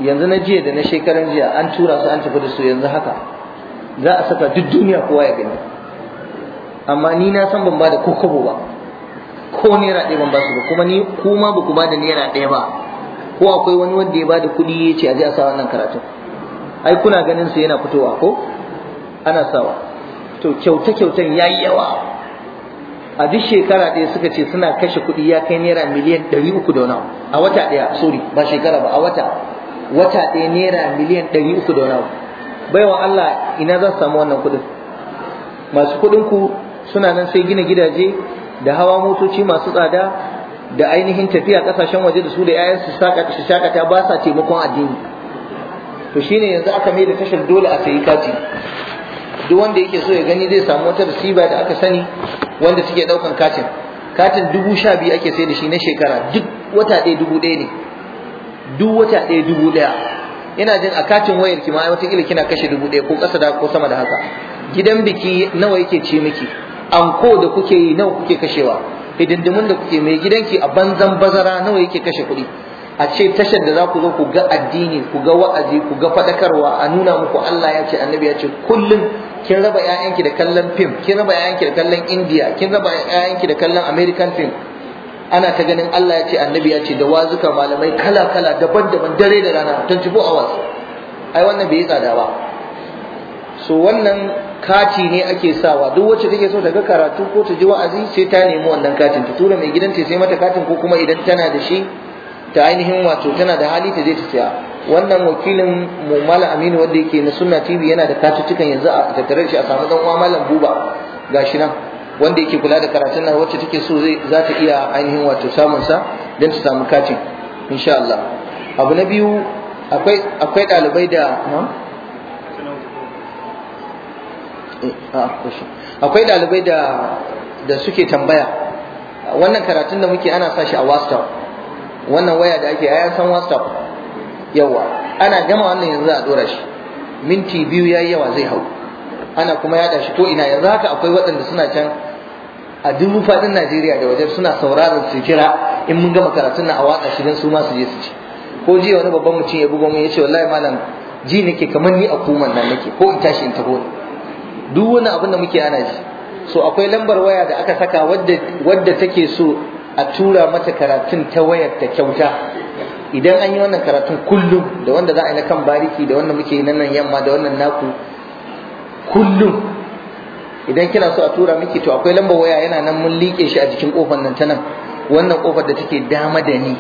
yanzu na jiya da na shekaran jiya an tura su an tafi da su yanzu haka za a saka duk duniya kowa ya gani amma ni na san ban ba da ko kobo ba ko naira ɗaya ban ba su ba kuma ni kuma ba ku ba da naira ɗaya ba ko akwai wani wanda ya ba da kuɗi ya ce a je a sa wannan karatun ai kuna ganin su yana fitowa ko ana sawa to kyauta kyautan yayi yawa a duk shekara ɗaya suka ce suna kashe kuɗi ya kai naira miliyan ɗari uku da a wata ɗaya sorry ba shekara ba a wata wata ɗaya naira miliyan ɗari uku da Bai wa Allah ina za su samu wannan kuɗin masu kuɗin ku suna nan sai gina gidaje da hawa motoci masu tsada da ainihin tafiya ƙasashen waje da su da 'ya'yansu su shakata ba sa taimakon addini to shine yanzu aka mai da tashar dole a sayi kati duk wanda yake so ya gani zai samu wata risiba da aka sani wanda suke daukan katin katin dubu sha biyu ake sai da shi na shekara duk wata ɗaya dubu ɗaya ne duk wata ɗaya dubu ɗaya ina jin a katin wayar ki ma wataƙila kina kashe dubu ɗaya ko ƙasa da ko sama da haka gidan biki nawa yake ci miki anko da kuke yi nawa kuke kashewa hidindimun da kuke mai gidanki a banzan bazara nawa yake kashe kuɗi a ce tashar da za ku zo ku ga addini ku ga wa'azi ku ga fadakarwa a nuna muku Allah ya ce annabi ya ce kullum kin raba ƴaƴanki da kallon film kin raba ƴaƴanki da kallon India kin raba ƴaƴanki da kallon American film ana ta ganin Allah ya ce annabi ya ce da wazuka malamai kala kala daban-daban dare da rana 24 hours ai wannan bai tsada ba so wannan kati ne ake sawa duk wacce take so ta ga karatu ko ta ji wa'azi sai ta nemi wannan katin ta tura mai gidan gidanta sai mata katin ko kuma idan tana da shi ta ainihin wato tana da hali ta je ta siya wannan wakilin mu mala aminu wanda yake na sunna tv yana da katutukan yanzu a tattare shi a samu dan uwa malam buba gashi nan wanda yake kula da karatun nan wacce take so zai za ta iya ainihin wato samun sa don ta samu katin insha Allah abu na biyu akwai akwai dalibai da eh, ah, akwai dalibai da da suke tambaya wannan karatun da muke ana sa shi a WhatsApp wannan waya da ake ya san whatsapp yawa ana gama wannan yanzu za a dora shi minti biyu yayi yawa zai hau ana kuma yada shi ko ina yanzu haka akwai waɗanda suna can a dubu faɗin Najeriya da wajen suna sauraron su kira in mun gama karatun na a watsa shi dan su ma su je su ci ko jiya wani babban mutum ya bugo mun ya ce wallahi malam ji nake kamar ni a kuman nan nake ko in tashi in taho duk wani abin da muke ana ji so akwai lambar waya da aka saka wadda wadda take so a tura mata karatun ta wayar ta kyauta idan an yi wannan karatun kullum da wanda za a yi na kan bariki da wanda muke nan yamma da wannan naku kullum idan kina so a tura miki to akwai lambar waya yana nan mun liƙe shi a jikin kofar nan ta nan wannan kofar da take dama da ni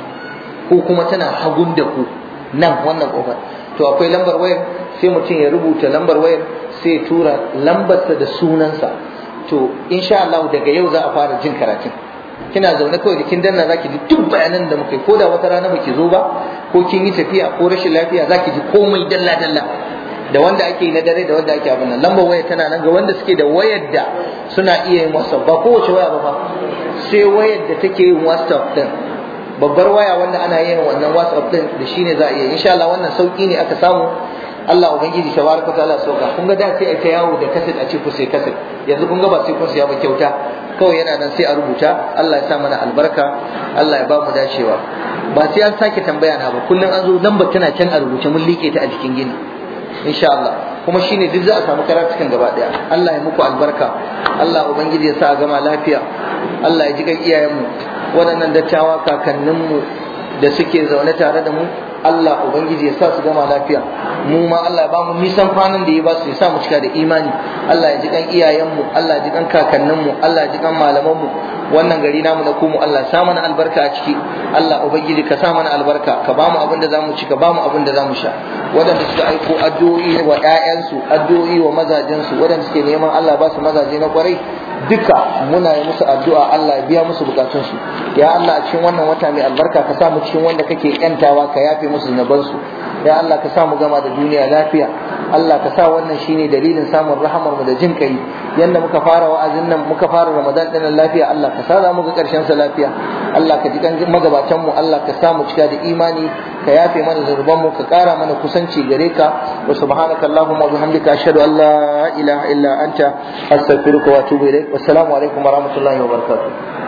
ko kuma tana hagun da ku nan wannan kofar to akwai lambar wayar sai mutum ya rubuta lambar wayar sai ya tura lambarsa da sunansa to insha Allah daga yau za a fara jin karatun kina zaune kawai da kin danna zaki ji duk bayanan da muka yi ko da wata rana muke zo ba ko kin yi tafiya ko rashin lafiya zaki ji komai dalla dalla da wanda ake yi na dare da wanda ake abin nan lambar waya tana nan ga wanda suke da wayar da suna iya yin whatsapp ba kowace waya ba fa sai wayar da take yin whatsapp din babbar waya wanda ana yin wannan whatsapp din da shine za a iya insha Allah wannan sauki ne aka samu Allah ubangiji tabaraka ta'ala soka kun ga da sai a ta yawo da kaset a ce ku sai kaset yanzu kun ga ba sai kun siya ba kyauta kawai yana nan sai a rubuta Allah ya sa mana albarka Allah ya ba mu dacewa ba sai an sake tambaya na ba kullum an zo ba tana can a rubuce mun liƙe ta a jikin gini insha Allah kuma shine duk za a samu karatukan gaba daya Allah ya muku albarka Allah ubangiji ya sa a gama lafiya Allah ya ji kan mu waɗannan dattawa kakanninmu da suke zaune tare da mu Allah ubangiji ya sa su gama lafiya mu ma Allah ya ba mu nisan kwanan da ya ba su ya sa mu cika da imani Allah ya ji kan iyayenmu Allah ya ji kan kakanninmu Allah ya ji kan malamanmu wannan gari namu na kumu Allah sa mana albarka a ciki Allah ubangiji ka sa mana albarka ka bamu abin da zamu ci ka bamu abin da zamu sha wadanda suka aiko addu'o'i wa ƴaƴansu addu'o'i wa mazajensu wadanda suke neman Allah ba su mazaje na kwarai duka muna yi musu addu'a Allah ya biya musu bukatunsu ya Allah a cikin wannan wata mai albarka ka sa mu cikin wanda kake yantawa ka yafe musu zunubansu ya Allah ka sa mu gama da duniya lafiya Allah ka sa wannan shine dalilin samun rahamar mu da jin kai yanda muka fara wa'azin nan muka fara Ramadan din lafiya Allah ka sa za mu ga ƙarshen sa lafiya Allah ka ji kan magabatan mu Allah ka sa mu cika da imani ka yafe mana zunuban mu ka kara mana kusanci gare ka wa subhanaka allahumma wa bihamdika ashhadu an la ilaha illa anta astaghfiruka wa atubu ilaik alaikum wa rahmatullahi wa barakatuh